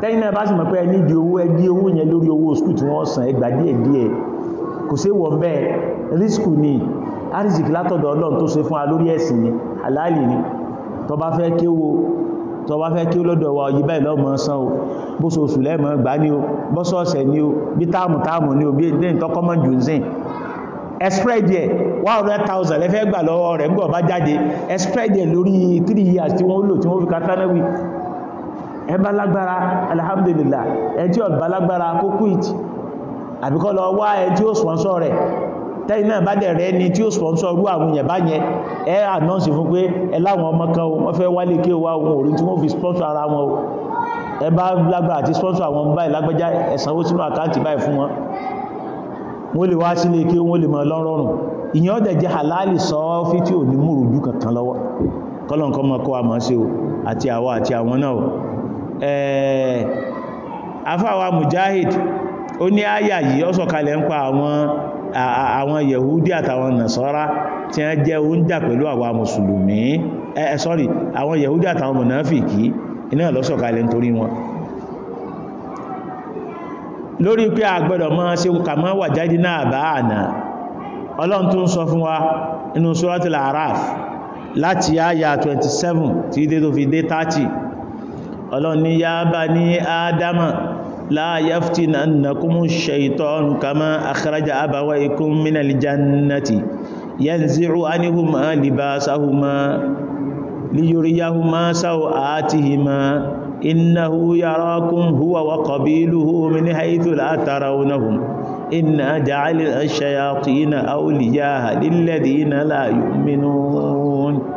tẹ́yìn náà bá sì mọ̀ pé ẹni di owó ẹgbí owó yẹn lórí owó skul tí wọ́n sàn ẹgbà díẹ̀ díẹ̀ kò sí wọ̀n bẹ́ẹ̀ rísíkù ni àrísìkì látọ̀dọ̀ ọlọ́run tó ṣe fún wa lórí ẹ̀sìn ni àlàálì ni tó bá fẹ́ kéwo tó bá fẹ́ kí ó lọ́dọ̀ wa yìí báyìí lọ́mọ san o bóṣoṣù lẹ́mọ̀ gbá ní o bọ́sọ̀ọ̀sẹ̀ ní o bí táàmù táàmù ní o bí ilé ìtọ́kọ́mọ̀ jù ń sìn spread ẹ̀ 100,000 lẹ́fẹ́ gbà lọ́wọ́ rẹ̀ ń gbọ̀ bá jáde spread ẹ̀ lórí 3 years tí wọ́n lò tí wọ́n fi kátánẹ́wì ẹ bá lágbára alhamdulillah ẹ tí ó bá lágbára kó quit àbíkọ́ lọ wá ẹ tí ó sponsor rẹ̀ tẹ́yìn náà bá dẹ̀rẹ́ ni tí ó sponsor rú àwọn èèyàn bá yẹn ẹ announce fún pé ẹ láwọn ọmọ kan wọ́n fẹ́ wálé kí wa ohun òrí tí wọ́n fi sponsor ara wọn ẹ bá lágbára àti sponsor àwọn báyìí lágbájá ẹ sínú àkáǹtì báyìí fún wọn wọ́n lè wá sílé kí wọ́n lè mọ lọ́rọ̀rùn ìyẹn ọ̀dẹ̀ jẹ́ halali sọ fí tí ò ní múrù jù kankan lọ́wọ́ kọ́lọ̀nkọ́ mọ́ kọ́ àmọ́ sí o àti àwọ àti àwọn náà ẹ̀ẹ́ afáwa mujahid ó ní àyà yìí ó ń pa àwọn àwọn yẹ̀húdí àtàwọn nàṣọ́rá tí a jẹ́ oúnjà pẹ̀lú àwa mùsùlùmí ẹ sọ́rì àwọn yẹ̀húdí àtàwọn mùnáfìkì iná lọ́sọ̀kalẹ̀ nítorí wọn lórí pé àgbẹ̀dọ̀ mọ́ sí kàmọ́ wà jáde náà bá àná ọlọ́run tó ń sọ fún wa inú suratul A'raf láti àyà 27 tí dé tó fi dé 30 ọlọ́run ní yá bá ní ádámà la yaftinannakum ash-shaytan kama akhraja abawaykum minal jannati yanzi'u anhuma libasahuma liyuriyahuma sawatihima innahu yarakum huwa wa qabiluhu min haythu la tarawnahum inna ja'alna ash-shayatina awliya lilladhina la yu'minun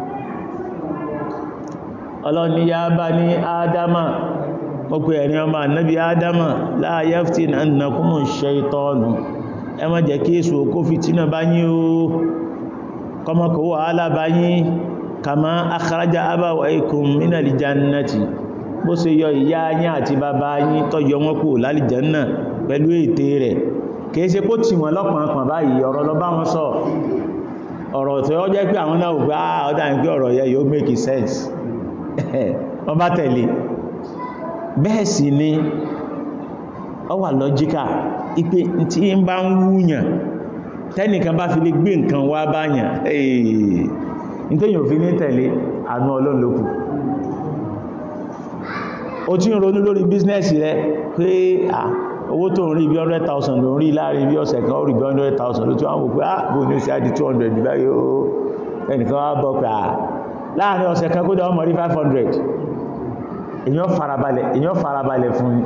ọlọ́ni ya ó pé ẹ̀rin ọmọ ànábí ádámà la yaftin annakumu shaytanu ẹ má jẹ́ kí èṣù kó fìtínà bá yín o kọmọkọ̀ wàhálà bá yín kama akhraja abawaykum minal jannati bó ṣe yọ ìyá yín àti bàbá yín tó yọ wọn kú lálìjánà pẹ̀lú ète rẹ̀ kìí ṣe kó tì wọ́n lọ́pàápàá báyìí ọ̀rọ̀ lọ bá wọn sọ ọ̀rọ̀ tó ah, make sense wọ́n bá tẹ̀lé bẹ́ẹ̀ sì ni ọ wà lọ́jíkà ipé tí ń bá ń wúyàn tẹ́nìkan bá fi lè gbé nǹkan wá báyàn èèyàn ìtẹ́yìn òfin ní tẹ̀lé àánú ọlọ́lọ́kù o tí ronú lórí rẹ pé owó tó ń rí bí 100,000 ló ń rí láàrin bí ọ̀sẹ̀ kan ó rí bí 100,000 ló tí pé ah ní 200 ó ẹnìkan èyàn farabalẹ̀ èyàn farabalẹ̀ fún ni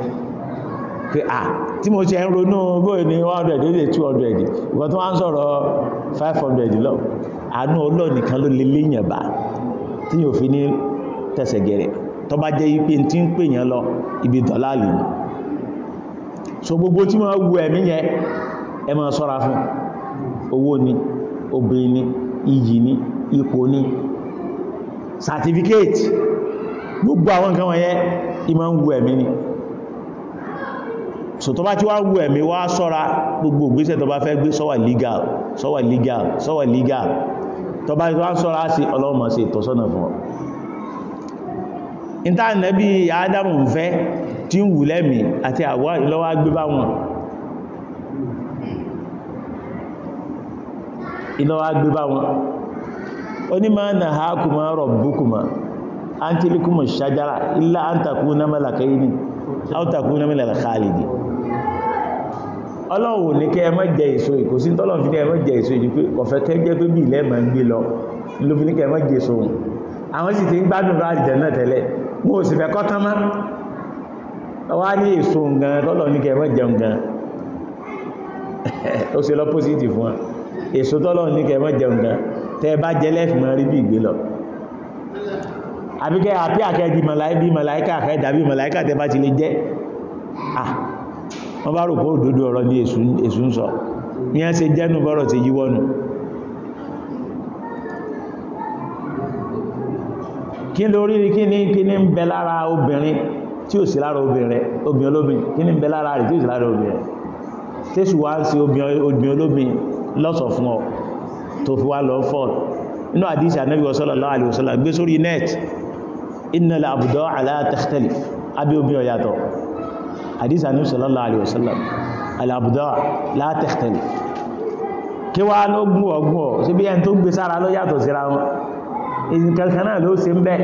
pé à tí mo ṣe ń ronú bóyí ní 100 ó lè 200 ìwọ̀n tó wá ń sọ̀rọ̀ 500 lọ àánú ọlọ́nìkan ló lè léyàn bá tí yóò fi ní tẹ̀sẹ̀ gẹ̀rẹ̀ tó bá jẹ́ ipé tí ń pè yàn lọ ibi dọ̀láàlì ni so gbogbo tí wọ́n wu ẹ̀mí yẹn ẹ máa ṣọ́ra fún owó ni obìnrin ni iyì ni ipò ni certificate gbogbo àwọn nǹkan wọ̀nyẹn ìmọ̀ ń wu ẹ̀mí ni so tó bá ti wá wu ẹ̀mí wá sọ́ra gbogbo ìgbésẹ̀ tó bá fẹ́ gbé sọ́wà legal sọ́wà legal sọ́wà legal tó bá wá sọ́ra sí ọlọ́mọ sí ìtọ́sọ́nà fún ọ ìta nẹ́bí Ádámù fẹ́ tí ń wù lẹ́mí àti àwọn ìlọ́wà gbé bá wọn ìlọ́wà gbé bá wọn onímọ̀ náà hákùmọ̀ rọ̀ búkùmọ̀ antilikumu shajara illa an takuna malakaini aw takuna minal khalidi ọlọ́wọ̀ ní kẹ́ ẹ má jẹ èso yìí kò sí tọ́lọ̀ fi ní ẹ má jẹ èso yìí pé ọ̀fẹ́ kẹ́ jẹ́ pé bí ilẹ̀ máa ń gbé lọ ló fi ní kẹ́ ẹ má jẹ èso òun àwọn sì ti ń gbádùn bá mo sì fẹ́ kọ́ tán mọ́ wá ní èso gan tọ́lọ̀ ní kẹ́ ẹ má gan ó ṣe lọ́pọ̀sìtì fún wa èso tọ́lọ̀ ní kẹ́ ẹ má gan tẹ́ ẹ bá jẹ lẹ́fìmọ́ rí bí ìgbé lọ àbí kẹ́ àpí àkẹ́ di màláíkà àkẹ́ dàbí màláíkà tẹ́ bá ti lè jẹ́ wọ́n bá rò pé òdodo ọ̀rọ̀ ni èṣù ń sọ ní ẹ́ ṣe jẹ́nu bọ́rọ̀ ti yíwọ́nu kí lórí kí ní kí ní ń bẹ lára obìnrin tí ò sí lára obìnrin obìnrin olóbìn kí ní ń bẹ lára rẹ̀ tí ò sí lára obìnrin tẹ́sù wá ń ṣe obìnrin olóbìn lọ́sọ̀ fún ọ tó fi wá lọ fọ́ inú àdíṣà Ànábì sallallahu alaihi wasallam gbé sórí net innal abdaa la takhtalif abẹ́ omi ọ̀yàtọ̀ hadith anu sallallahu alaihi wasallam al abdaa la takhtalif kí wá ló gún ọgbún ọ̀ sí bí ẹni tó gbé sára ló yàtọ̀ síra wọn ìkankan náà ló ṣe ń bẹ́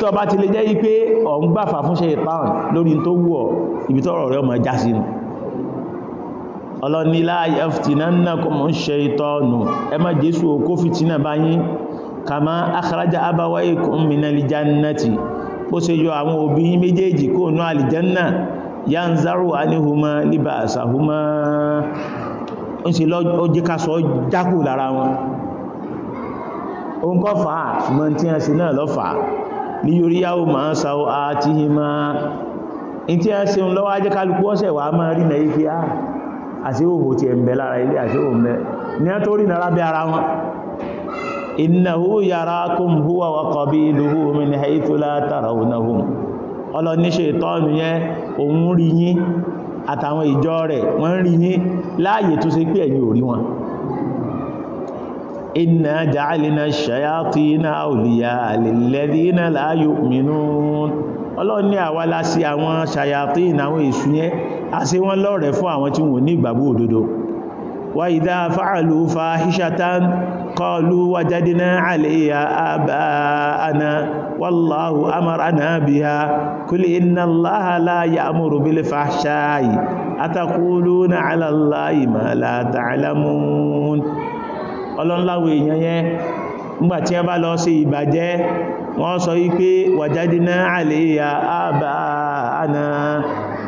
tọba ti lè jẹ́ yí pé ọ̀ ń gbàfà fún ṣe ìpáhùn lórí tó wù ọ ibi tọ́rọ̀ rẹ̀ ọmọ já sínú ọlọ́ni láàyẹ̀ fìtínà náà kò mọ̀ ń ṣe ìtọ́ ọ̀nà ẹ má jésù òkó fìtínà bá yín kàmá akhraja abawaykum minal jannati ó ṣe yọ àwọn òbí méjèèjì kó nú àlìjánà yanzaru anihuma libasahuma ń ṣe lọ́jẹ́ ká sọ jákù lára wọn òun kọ́ fà á ṣùgbọ́n tí a ṣe náà lọ fà á ní yorí yáwó máa ń sáwọ́ àti ìmá in a ṣe ń lọ́wọ́ ajẹ́kálukú ọ̀sẹ̀ wà á máa rí náà àti òhò ti ẹ̀m̀bẹ̀ lára ilé àti òhò mẹ́ ní a tó rí nára bí ara wọn innahu yarakum huwa wa qabiluhu min haythu la tarawnahum ọlọ́níṣe ìtọ́nù yẹn òun rí yín àtàwọn ìjọ rẹ̀ wọ́n rí yín láàyè tó ṣe pé ẹ̀yin ò rí wọn inna ja'alna shayatina awliya'a lilladhina la yu'minun ọlọ́ni àwa la sí àwọn shayatin àwọn èṣù yẹn àṣẹ wọn lọ́rẹ̀ fún àwọn tí wọ́n ní ìgbàgbọ́ òdodo wa idha fa'alu fahishatan qalu wajadna 'alayha aba'ana wallahu amarana biha qul inna allaha la ya'muru bil fahsha'i ataquluna 'ala allahi ma la ta'lamun ọlọ́nláwọ̀ èèyàn yẹn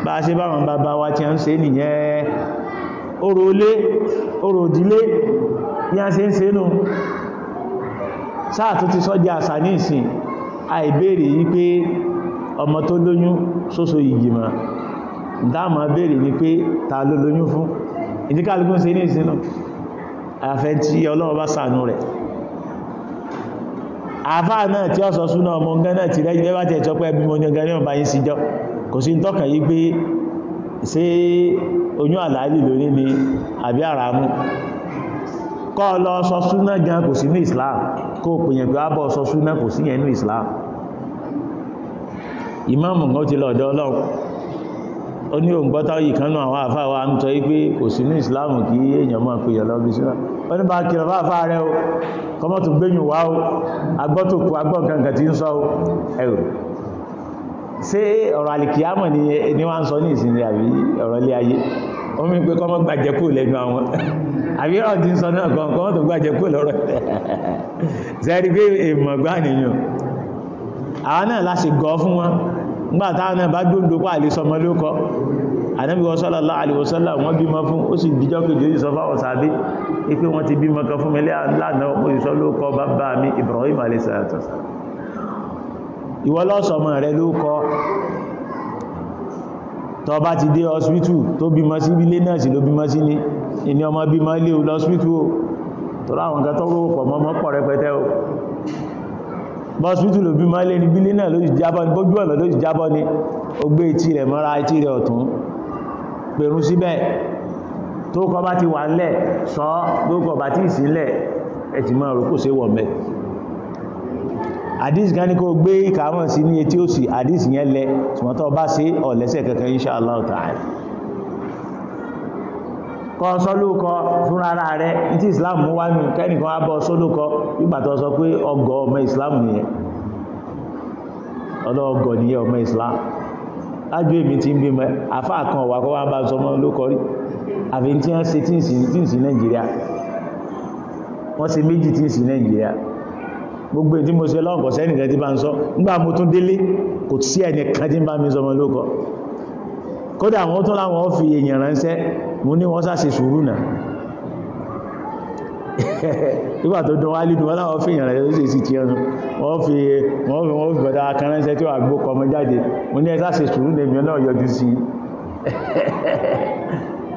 bá a ṣe báwọn bàbá wa tí a ń ṣe nìyẹn orò ilé orò ìdílé ní a ṣe ń ṣe nù sáà tó ti sọ di àṣà ní ìsìn àìbéèrè yí pé ọmọ tó lóyún sóso ìgbìmọ̀ dáàmà béèrè ní pé ta ló lóyún fún ìdíkàlùkún ṣe ní ìsìn nù àfẹ́ tí Ọlọ́run àfáà náà tí ọ̀sọ̀ ọmọ ọ̀gán náà ti rẹ́jì lẹ́bàtẹ̀ ìtọ́pẹ́ bí mo ní ọ̀gán ní ọ̀bá yìí síjọ́ kò sí tọ́ka yí pé ṣe oyún àlàálì lórí ni àbí àràmú kọ́ lọ sọ súnà gan kò sí ní Islam kó pèyàn pé ábọ̀ sọ súnà kò sí yẹn ní Islam ìmáàmù kan ti lọ́dọ̀ Ọlọ́run ó ní òun gbọ́tá yìí kan náà àwọn àfáà wa ń sọ wípé kò sí ní ìsìláàmù kí èèyàn máa pè yàn lọ́bí sílá ó ní bá kìlọ̀ bá fà rẹ o kọmọ́ tó wá o agbọ́tòkù agbọ́nkankan ti ń sọ o ẹ̀rù ṣé ọ̀rọ̀ àlìkìyàmọ̀ ni ni wọ́n ń sọ ní ìsinmi àbí ọ̀rọ̀ ilé ayé wọ́n mi pé kọ́mọ́ gbàjẹ́ kú lẹ́nu àwọn àbí ọ̀rọ̀ tí ń sọ náà kan kọ́mọ́ tó gbàjẹ́ kú lọ́rọ̀ sẹ́rí pé èèmọ̀ gbá nìyàn àwọn náà láti gọ́ fún wọn nígbà táwọn náà bá dóńdó pa àlè sọmọ ló kọ ànábì wọn sọlọ lọ àlè wọn sọlọ wọn bímọ fún ó sì dijọ́ kejì ó sì sọ fáwọn sàbí pé wọn ti bímọ kan fún mi lánàá ó sì sọ ló kọ bàbá mi Ibrahim alayhi salatu wasalam ìwọ lọ́sọmọ rẹ ló kọ tọ bá ti dé ọsibítù tó bímọ sí ilé náà sí ló bímọ sí ní ìní ọmọ bímọ ilé lọ́sibítù o tó láwọn nǹkan tó rọ́pọ̀ mọ́mọ́ pọ̀ rẹpẹtẹ o bọ́sibítù ló bímọ ilé ní bílé náà ló ti jábọ́ ní bójú ọ̀nà ló ti jábọ́ ní ó gbé etí rẹ̀ mọ́ra etí rẹ̀ ọ̀tún pẹ̀rún síbẹ̀ tó kọ bá ti wà ńlẹ̀ sọ tó kọ bá ti ìsínlẹ̀ ẹ̀ ti máa rò kò ṣe wọ̀ àdísì gani ní kó gbé ìkàwọn sí ní etí òsì àdísì yẹn lẹ ṣùgbọ́n bá sí ọ̀lẹ́sẹ̀ kankan kọ ọsọ ta'ala kọ fúnra rẹ̀ tí islam mú wá nù kẹ́nìkan á bọ́ sọ́lókọ sọ pé ọmọ islam nìyẹn nìyẹn ọmọ islam lájú èmi ń bí kan ọ̀wà kọ́ bá ló kọrí àfi tí gbogbo tí mo ṣe lọ́nkọ̀ sẹ́nìkan tí bá ń sọ nígbà mo tún délé kò sí ẹnìkan tí bá mi sọmọ lókọ kódà wọ́n tún láwọn fi èèyàn ránṣẹ́ mo ní wọ́n sáṣe sùúrù náà nígbà tó dán wálé dùn wọ́n láwọn fi èèyàn ránṣẹ́ sí ti ẹnu wọ́n fi wọ́n fi wọ́n fi bọ̀dá kan ránṣẹ́ tí wà gbó kọmọ jáde mo ní ẹ sáṣe sùúrù náà yọjú sí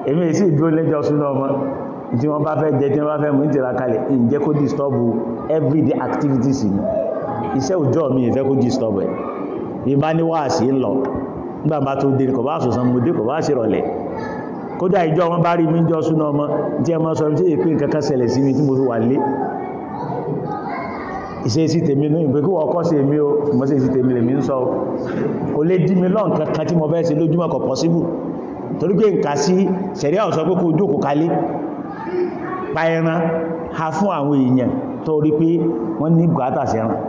èmi èsì ìdúró lẹ́jọ́ súná ọmọ tí wọ́n bá fẹ́ jẹ tí wọ́n bá fẹ́ mú ní tèrà kalẹ̀ ìjẹ́ kó disturb everyday activities mi iṣẹ́ òjọ́ mi ìfẹ́ kó disturb ẹ̀ ìbá ní wáàsí ń lọ nígbà bá tó dé kò bá sọ̀sán mo dé kò bá sì rọ̀lẹ̀ kódà ìjọ wọn bá rí mi jọ súná ọmọ tí ẹ mọ́ sọ tí èpè nǹkan kan ṣẹlẹ̀ sí mi tí mo fi wà lé ìṣesí tèmi ní ìgbé kí wọ́n kọ́ sí èmi o mo ṣe sí tèmi lèmi ń sọ kò lè dí mi lọ́n kankan tí mo fẹ́ ṣe lójúmọ́ kò possible torí pé nǹkan sí ṣẹ̀ríà ọ̀sọ́ pé kó jókòó kalé pa ẹran ha fún àwọn èèyàn tó rí pé wọ́n ní bùkátà sí ẹran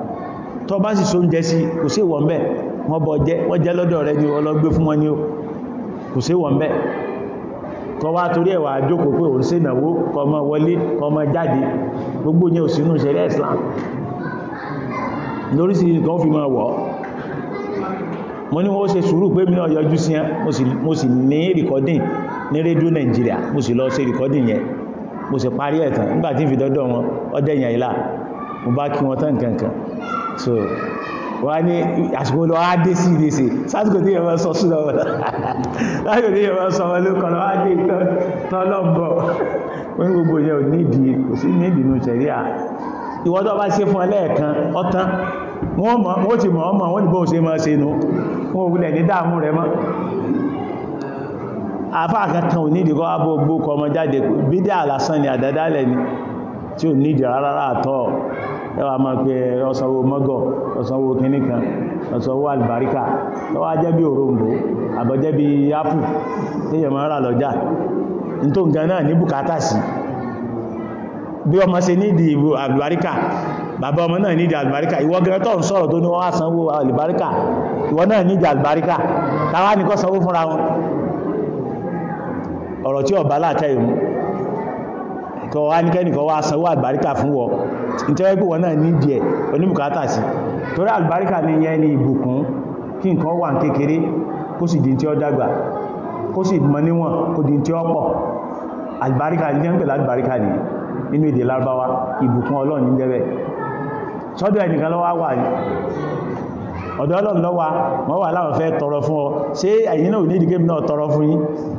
tó bá sì so ń jẹ sí kò sí ìwọ̀n bẹ́ẹ̀ wọ́n bọ jẹ́ wọ́n jẹ́ lọ́dọ̀ rẹ ni ọlọ́gbé fún wọn ni ó kò sí ìwọ̀n bẹ́ẹ̀ kọ wá torí ẹ̀wà àjókòó pé òun sí ìnáwó kọmọ wọlé kọmọ jáde gbogbo yẹn ò sínú ìṣẹ̀lẹ̀ Islam lórí sí nǹkan fi máa wọ̀ mo ní wọ́n ṣe sùúrù pé mi náà yọjú sí ẹ mo sì ní rìkọ́dìn ní rédíò Nàìjíríà mo sì lọ ṣe rìkọ́dìn yẹn mo sì parí ẹ̀tàn nígbà tí ń fi dọ́dọ̀ wọn ọdẹ́yìn àìlà mo bá kí wọn tán nǹkan so wọ́n á ní àsìkò lọ á dé sí ìdèsè sásìkò tí yẹ̀wọ́n sọ súnà wọn lásìkò tí yẹ̀wọ́n sọ wọn ló kọ́ lọ á dé tọ́lọ́bọ̀ wọ́n gbogbo yẹn ò nídìí kò sí nídìí nù sẹ̀ríà ìwọ́n tó bá ṣe fún ẹlẹ́ẹ̀kan ọ̀tán wọ́n ti mọ̀ ọmọ wọ́n ti bọ́ ṣe máa ṣe nù wọ́n òwúlẹ̀ ní dáàmú rẹ mọ́ afá kankan ò nídìí kọ́ ábò gbókọ ọmọ jáde bídí àlásán ni àdádálẹ̀ ni tí ò nídìí rárá àtọ́ ẹwà máa pe ọ̀sánwó mọ́gọ̀ ọ̀sánwó kínní kan ọ̀sánwó àlùbáríkà lọ́wọ́ ajẹ́ bí òrombó àbọ̀jẹ́ bí ápù téèyàn máa ń rà lọ́jà nítò nǹkan náà ní bùkátà sí bí ọmọ ṣe nídìí àlùbáríkà bàbá ọmọ náà nídìí àlùbáríkà ìwọ gẹ́gẹ́ tó ọ̀rọ̀ tí ọ̀bá láàká ìmú kọ wá ní kẹ́nìkan wá sanwó àlùbáríkà fún wọ nítorí pé wọn náà ní díẹ̀ oníbùkátà sí torí àlùbáríkà ní yẹn ní ìbùkún kí nǹkan wà kékeré kó sì di tí ó dàgbà kó sì mọ níwọ̀n kó di tí ó pọ̀ àlùbáríkà ní jẹ́ ń pèlú àlùbáríkà ní nínú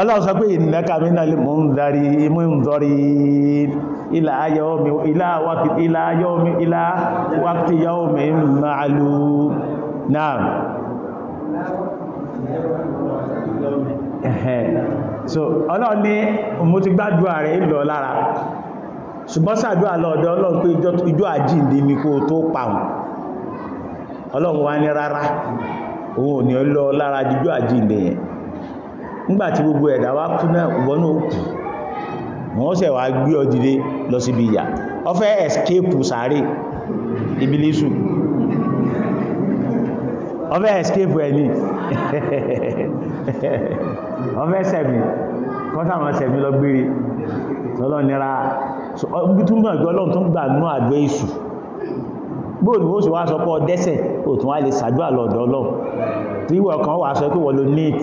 ọlọ́run sọ pé ìnàkà mínà lè mọ́ ń darí imú ń dọ́rí ilá ayọ́mi ilá wákìtí yọ́mi màálù náà so ọlọ́run ní mo ti gbádùá rẹ̀ ìlọ lára ṣùgbọ́n sàdúà lọ́ọ̀dọ̀ ọlọ́run pé ìjọ àjíǹde ni kó tó pàun ọlọ́run wá ní rárá òun ò ní ọlọ́ lára jíjọ àjíǹde yẹn nígbàtí gbogbo ẹ̀dá wá kú náà wọ́n náà kú wọ́n sẹ̀ wá gbé ọ dìde lọ síbi ìyà ọ fẹ́ escape sáré ìbílísù ọ fẹ́ escape ẹni ọ fẹ́ sẹ̀mí kọ́sàwọn sẹ̀mí lọ gbére tọ́lọ́ nira túnbọ̀ ìgbọ́ ọlọ́run tó ń gbà nú àdó èṣù bóòlù ó sì wá sọ pọ́ dẹ́sẹ̀ òtún wá lè sàdúà lọ́dọ̀ ọlọ́run tí ìwọ̀ kan wà sọ pé wọ́n lo neat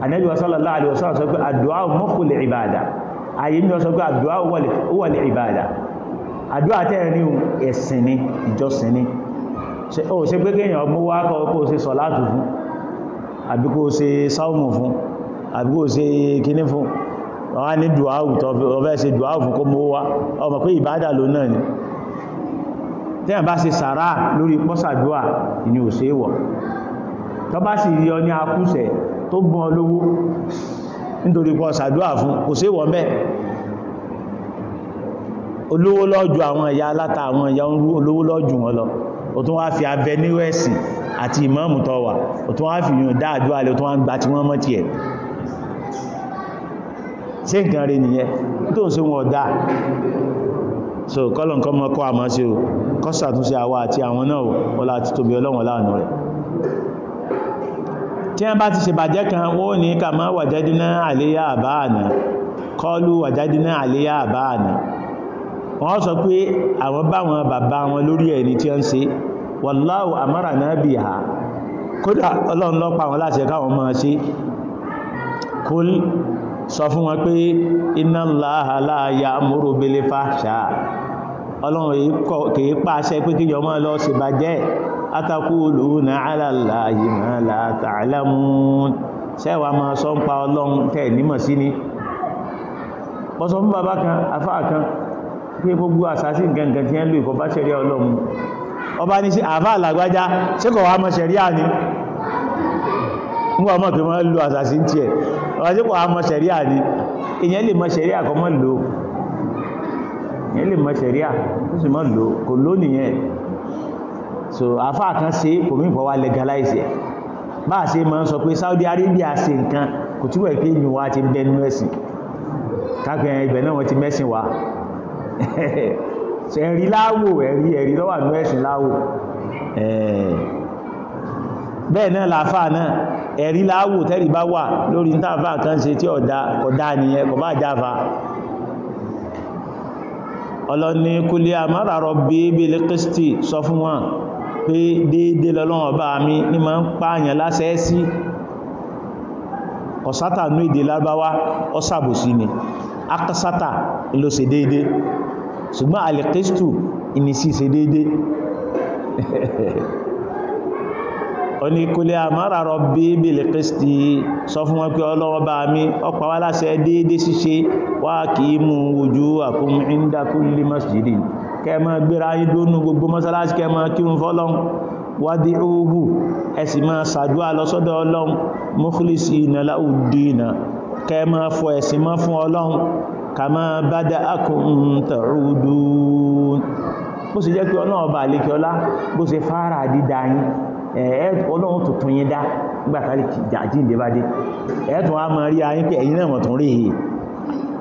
Ànábì sallallahu alaihi wasallam sọ pé àdúà mukhul ìbàdà ayé mi sọ pé àdúà huwal ìbàdà àdúà tẹ́rin ẹ̀sìn ni ìjọsìn ni ó ṣe pé kéèyàn mú wá kọ́ kó ṣe sọ̀látù fún àbí kó ṣe sáùmù fún àbí kó ṣe kíní fún wọ́n ní dùáwù tọ́fẹ́ ṣe dùáwù fún kó mú wá ọmọ pé ìbádà ló náà ni tẹ́yàn bá ṣe sàárà lórí pọ́sàdúà ìní ò ṣe wọ̀ tọ́ sì rí ní akúṣẹ̀ tó bùn ọ lówó nítorí pọ̀ sàdúà fún kò sí wọ́n bẹ́ olówó lọ́jù àwọn ẹ̀yà aláta àwọn ẹ̀yà olówó lọ́jù wọn lọ o tún wá fi abẹ níwẹ̀sì àti ìmáàmù tó wà o tún wá fi yùn dáadọ́ alẹ́ o tún wá ń gba tí wọ́n mọ́ ti ẹ̀ ṣe nǹkan rẹ̀ nìyẹn tó ń ṣe wọn ọ̀dá so kọ́lọ̀n kọ́ mọ́ kọ́ àmọ́ sí o kọ́sàtúnṣe àwa àti àwọn náà wọ́n láti tóbi ọlọ́wọ̀n láàánú rẹ̀ tí wọ́n bá ti ṣe bàjẹ́ kan wọ́n ní kàmá wàjádínà àléyà àbáànà kọlu wàjádínà àléyà àbáànà wọ́n sọ pé àwọn bá wọn bàbá wọn lórí ẹni tí wọ́n ṣe wallahu àmọ́rà náà bì á kódà ọlọ́run lọ́pa wọn láti atakuluna ala Allahi ma la ta'lamun sẹ́wàá máa sọ ń pa ọlọ́run tẹ́ nímọ̀ sí ni bọ́sọ fún bàbá kan afáà kan pé gbogbo àsásí gangan tí ẹ́ lò ìkọ̀ bá ṣẹ̀rí ọlọ́run ọba ní sí àfáà làgbájá ṣé kò wá mọ̀ ṣẹ̀rí àní wọ́n mọ̀ pé wọ́n lo àsásí ń tiẹ̀ ọba ṣé kò wá mọ̀ ṣẹ̀rí àní èèyàn lè mọ̀ ṣẹ̀rí àkọ́ lò èèyàn lè mọ̀ ṣẹ̀rí à kò lónìí yẹn so afa kan ṣe kò mí fọwọ́ legalize ẹ̀ bá a ṣe máa Saudi Arabia ṣe nǹkan kò túbọ̀ pé ìyún wa ti bẹ́ẹ̀ nínú ẹ̀sìn kápẹ́ ibẹ̀ náà wọ́n ti mẹ́sìn wa ẹ̀rí láwò ẹ̀rí ẹ̀rí lọ́wà ní ẹ̀sìn láwò bẹ́ẹ̀ náà làáfà náà ẹ̀rí láwò tẹ́rì bá wà lórí tààfà kan ṣe tí ọ̀dá kọ̀dá nìyẹn kọ̀ bá jáfa ọlọ́ni kúlé àmàrà rọ̀ bí ibi lẹ́kẹ́sìtì sọ fún wọn pé déédé lọ́lọ́wọ́ bá mi ní ma ń pààyàn lásẹ́ẹ́sí ọ̀sátà ní èdè lábáwá ọ́sàbòsí ni akásátà ló ṣe déédé ṣùgbọ́n alẹ́kẹ́stù ìnísí ṣe déédé ọni kúlẹ̀ àmọ́ra rọ bí bèèrè kristi sọ fún wọn pé ọlọ́wọ́ bá mi ọpa wá láṣẹ déédé ṣíṣe wá kìí mú ojú àkúnmí ìndakúnlé masjidin kẹmọ gbéra yí lónú gbogbo mọ́sálásí kẹmọ kírun fọ́lọ́n wádìí oògùn ẹ̀sì máa sàdúwà lọ́sọ́dọ̀ ọlọ́run mọ́kúlìsì ìnàlá òdìnà kẹmọ fọ ẹ̀sì mọ́ fún ọlọ́run kàmọ́ bádá akùntàrúdún bó ṣe jẹ́ pé ọlọ́run ọba àlékiọlá bó ṣe fara dídá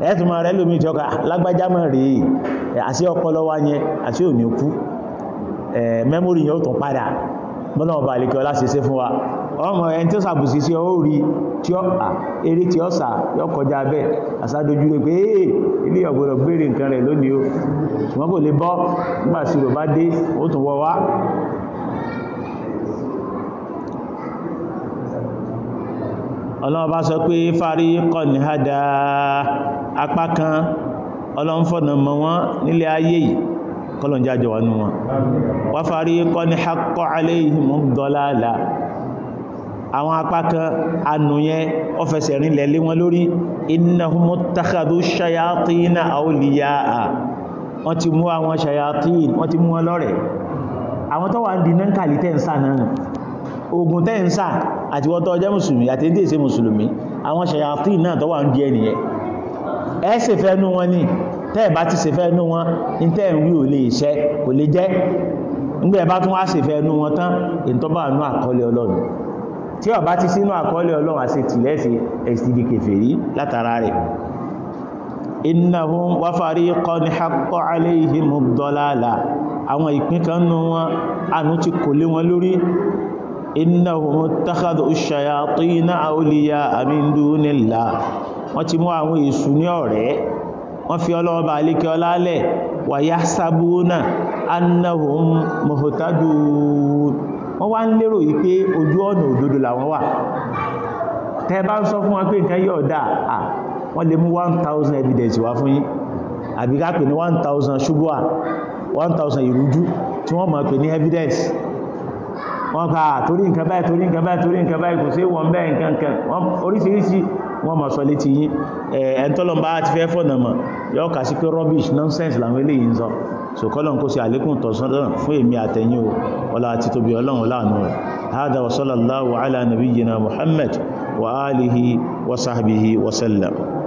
ẹ̀tùmọ̀ rẹ̀ lómi ìjọka lágbájámọ̀ rèé àṣí ọpọlọ wá yẹn àṣí ò ní kú mẹ́mórì yẹn ó tún padà bọ́nà ọba àlekẹ́ ọlá ṣeṣe fún wa ọmọ ẹni tí ó sàbùsí sí ọ rí tí ó à eré tí ó sà yọ kọjá bẹ́ẹ̀ àsádojú rẹ̀ pé ee ilé ọ̀gbọ̀dọ̀ gbére nǹkan rẹ̀ lónìí o ṣùgbọ́n kò lè bọ́ nígbà tí rò dé ó tún wọ wá ọlọ́run bá sọ pé fárí kọ́ ní hádá apá kan ọlọ́run fọ́nà mọ́ wọn nílé ayé yìí kọlọ̀n jájọ wà ní wọn wọ́n fárí kọ́ ní hakọ́ aléhìmú dọ́láàlá àwọn apá kan anúyẹn ọfẹsẹ̀ rinlẹ̀ lé wọn lórí innahum takhadu shayatina awliyaa wọ́n ti mú àwọn shayatin wọ́n ti mú wọn lọ́rẹ̀ àwọn tó ń di náà kàlì tẹ́ǹsà náà ogun tẹ́ǹsà àti wọ́n tó jẹ́ mùsùlùmí àti ẹ̀dẹ́ ìṣe mùsùlùmí àwọn ṣàyàtì náà tó wà ń di ẹnìyẹn ẹ ṣe fẹ́ nú wọn ni tẹ́ ẹ̀ bá ti ṣe fẹ́ nú wọn ní tẹ́ ẹ̀ ń wí ò lè ṣẹ kò lè jẹ́ nígbà ẹ̀ bá tún wá ṣe fẹ́ nú wọn tán èyí tó bá nú àkọọ́lẹ̀ ọlọ́run tí ó ti sínú àkọọ́lẹ̀ ọlọ́run àti tìlẹ́sì ẹ̀sìdì kèfèrí látara rẹ̀ innahum wa fariqan haqqa alayhimud dalala àwọn ìpín kan nú wọn àánú ti kò lé wọn lórí innahum ittakhadhu ash-shayatina awliya'a min dunillah wọ́n ti mú àwọn èṣù ní ọ̀rẹ́ wọ́n fi ọlọ́ọ̀bà alékẹ́ ọlálẹ̀ wa yahsabuna annahum muhtadun wọ́n wá ń lérò yìí pé ojú ọ̀nà òdodo làwọn wà tẹ́ bá ń sọ fún wọn pé nǹkan yóò dà à wọ́n lè 1000 evidence wá fún yín àbí ká pè ní 1000 ṣubúà 1000 ìrújú tí wọ́n máa pè ní evidence wọ́n ká ah, torí nǹkan báyìí torí nǹkan báyìí torí nǹkan báyìí kò sí wọ́n bẹ́ẹ̀ nǹkan kan wọ́n oríṣiríṣi wọ́n mọ̀ sọ létí yín ẹ̀ẹ́ntọ́lọ́mbá ti fẹ́ fọ̀nà mọ̀ yọ́ kà sí pé rubbish nonsense làwọn eléyìí ń sọ sọ̀kọ́lọ̀ kó sí àlékún tọ̀sọ́nà fún èmi àtẹ̀yìn o ọlá àti tóbi ọlọ́run láàánú rẹ̀ hádà wa sallallahu ala nabiyyina muhammad wa alihi wa sahbihi wa sallam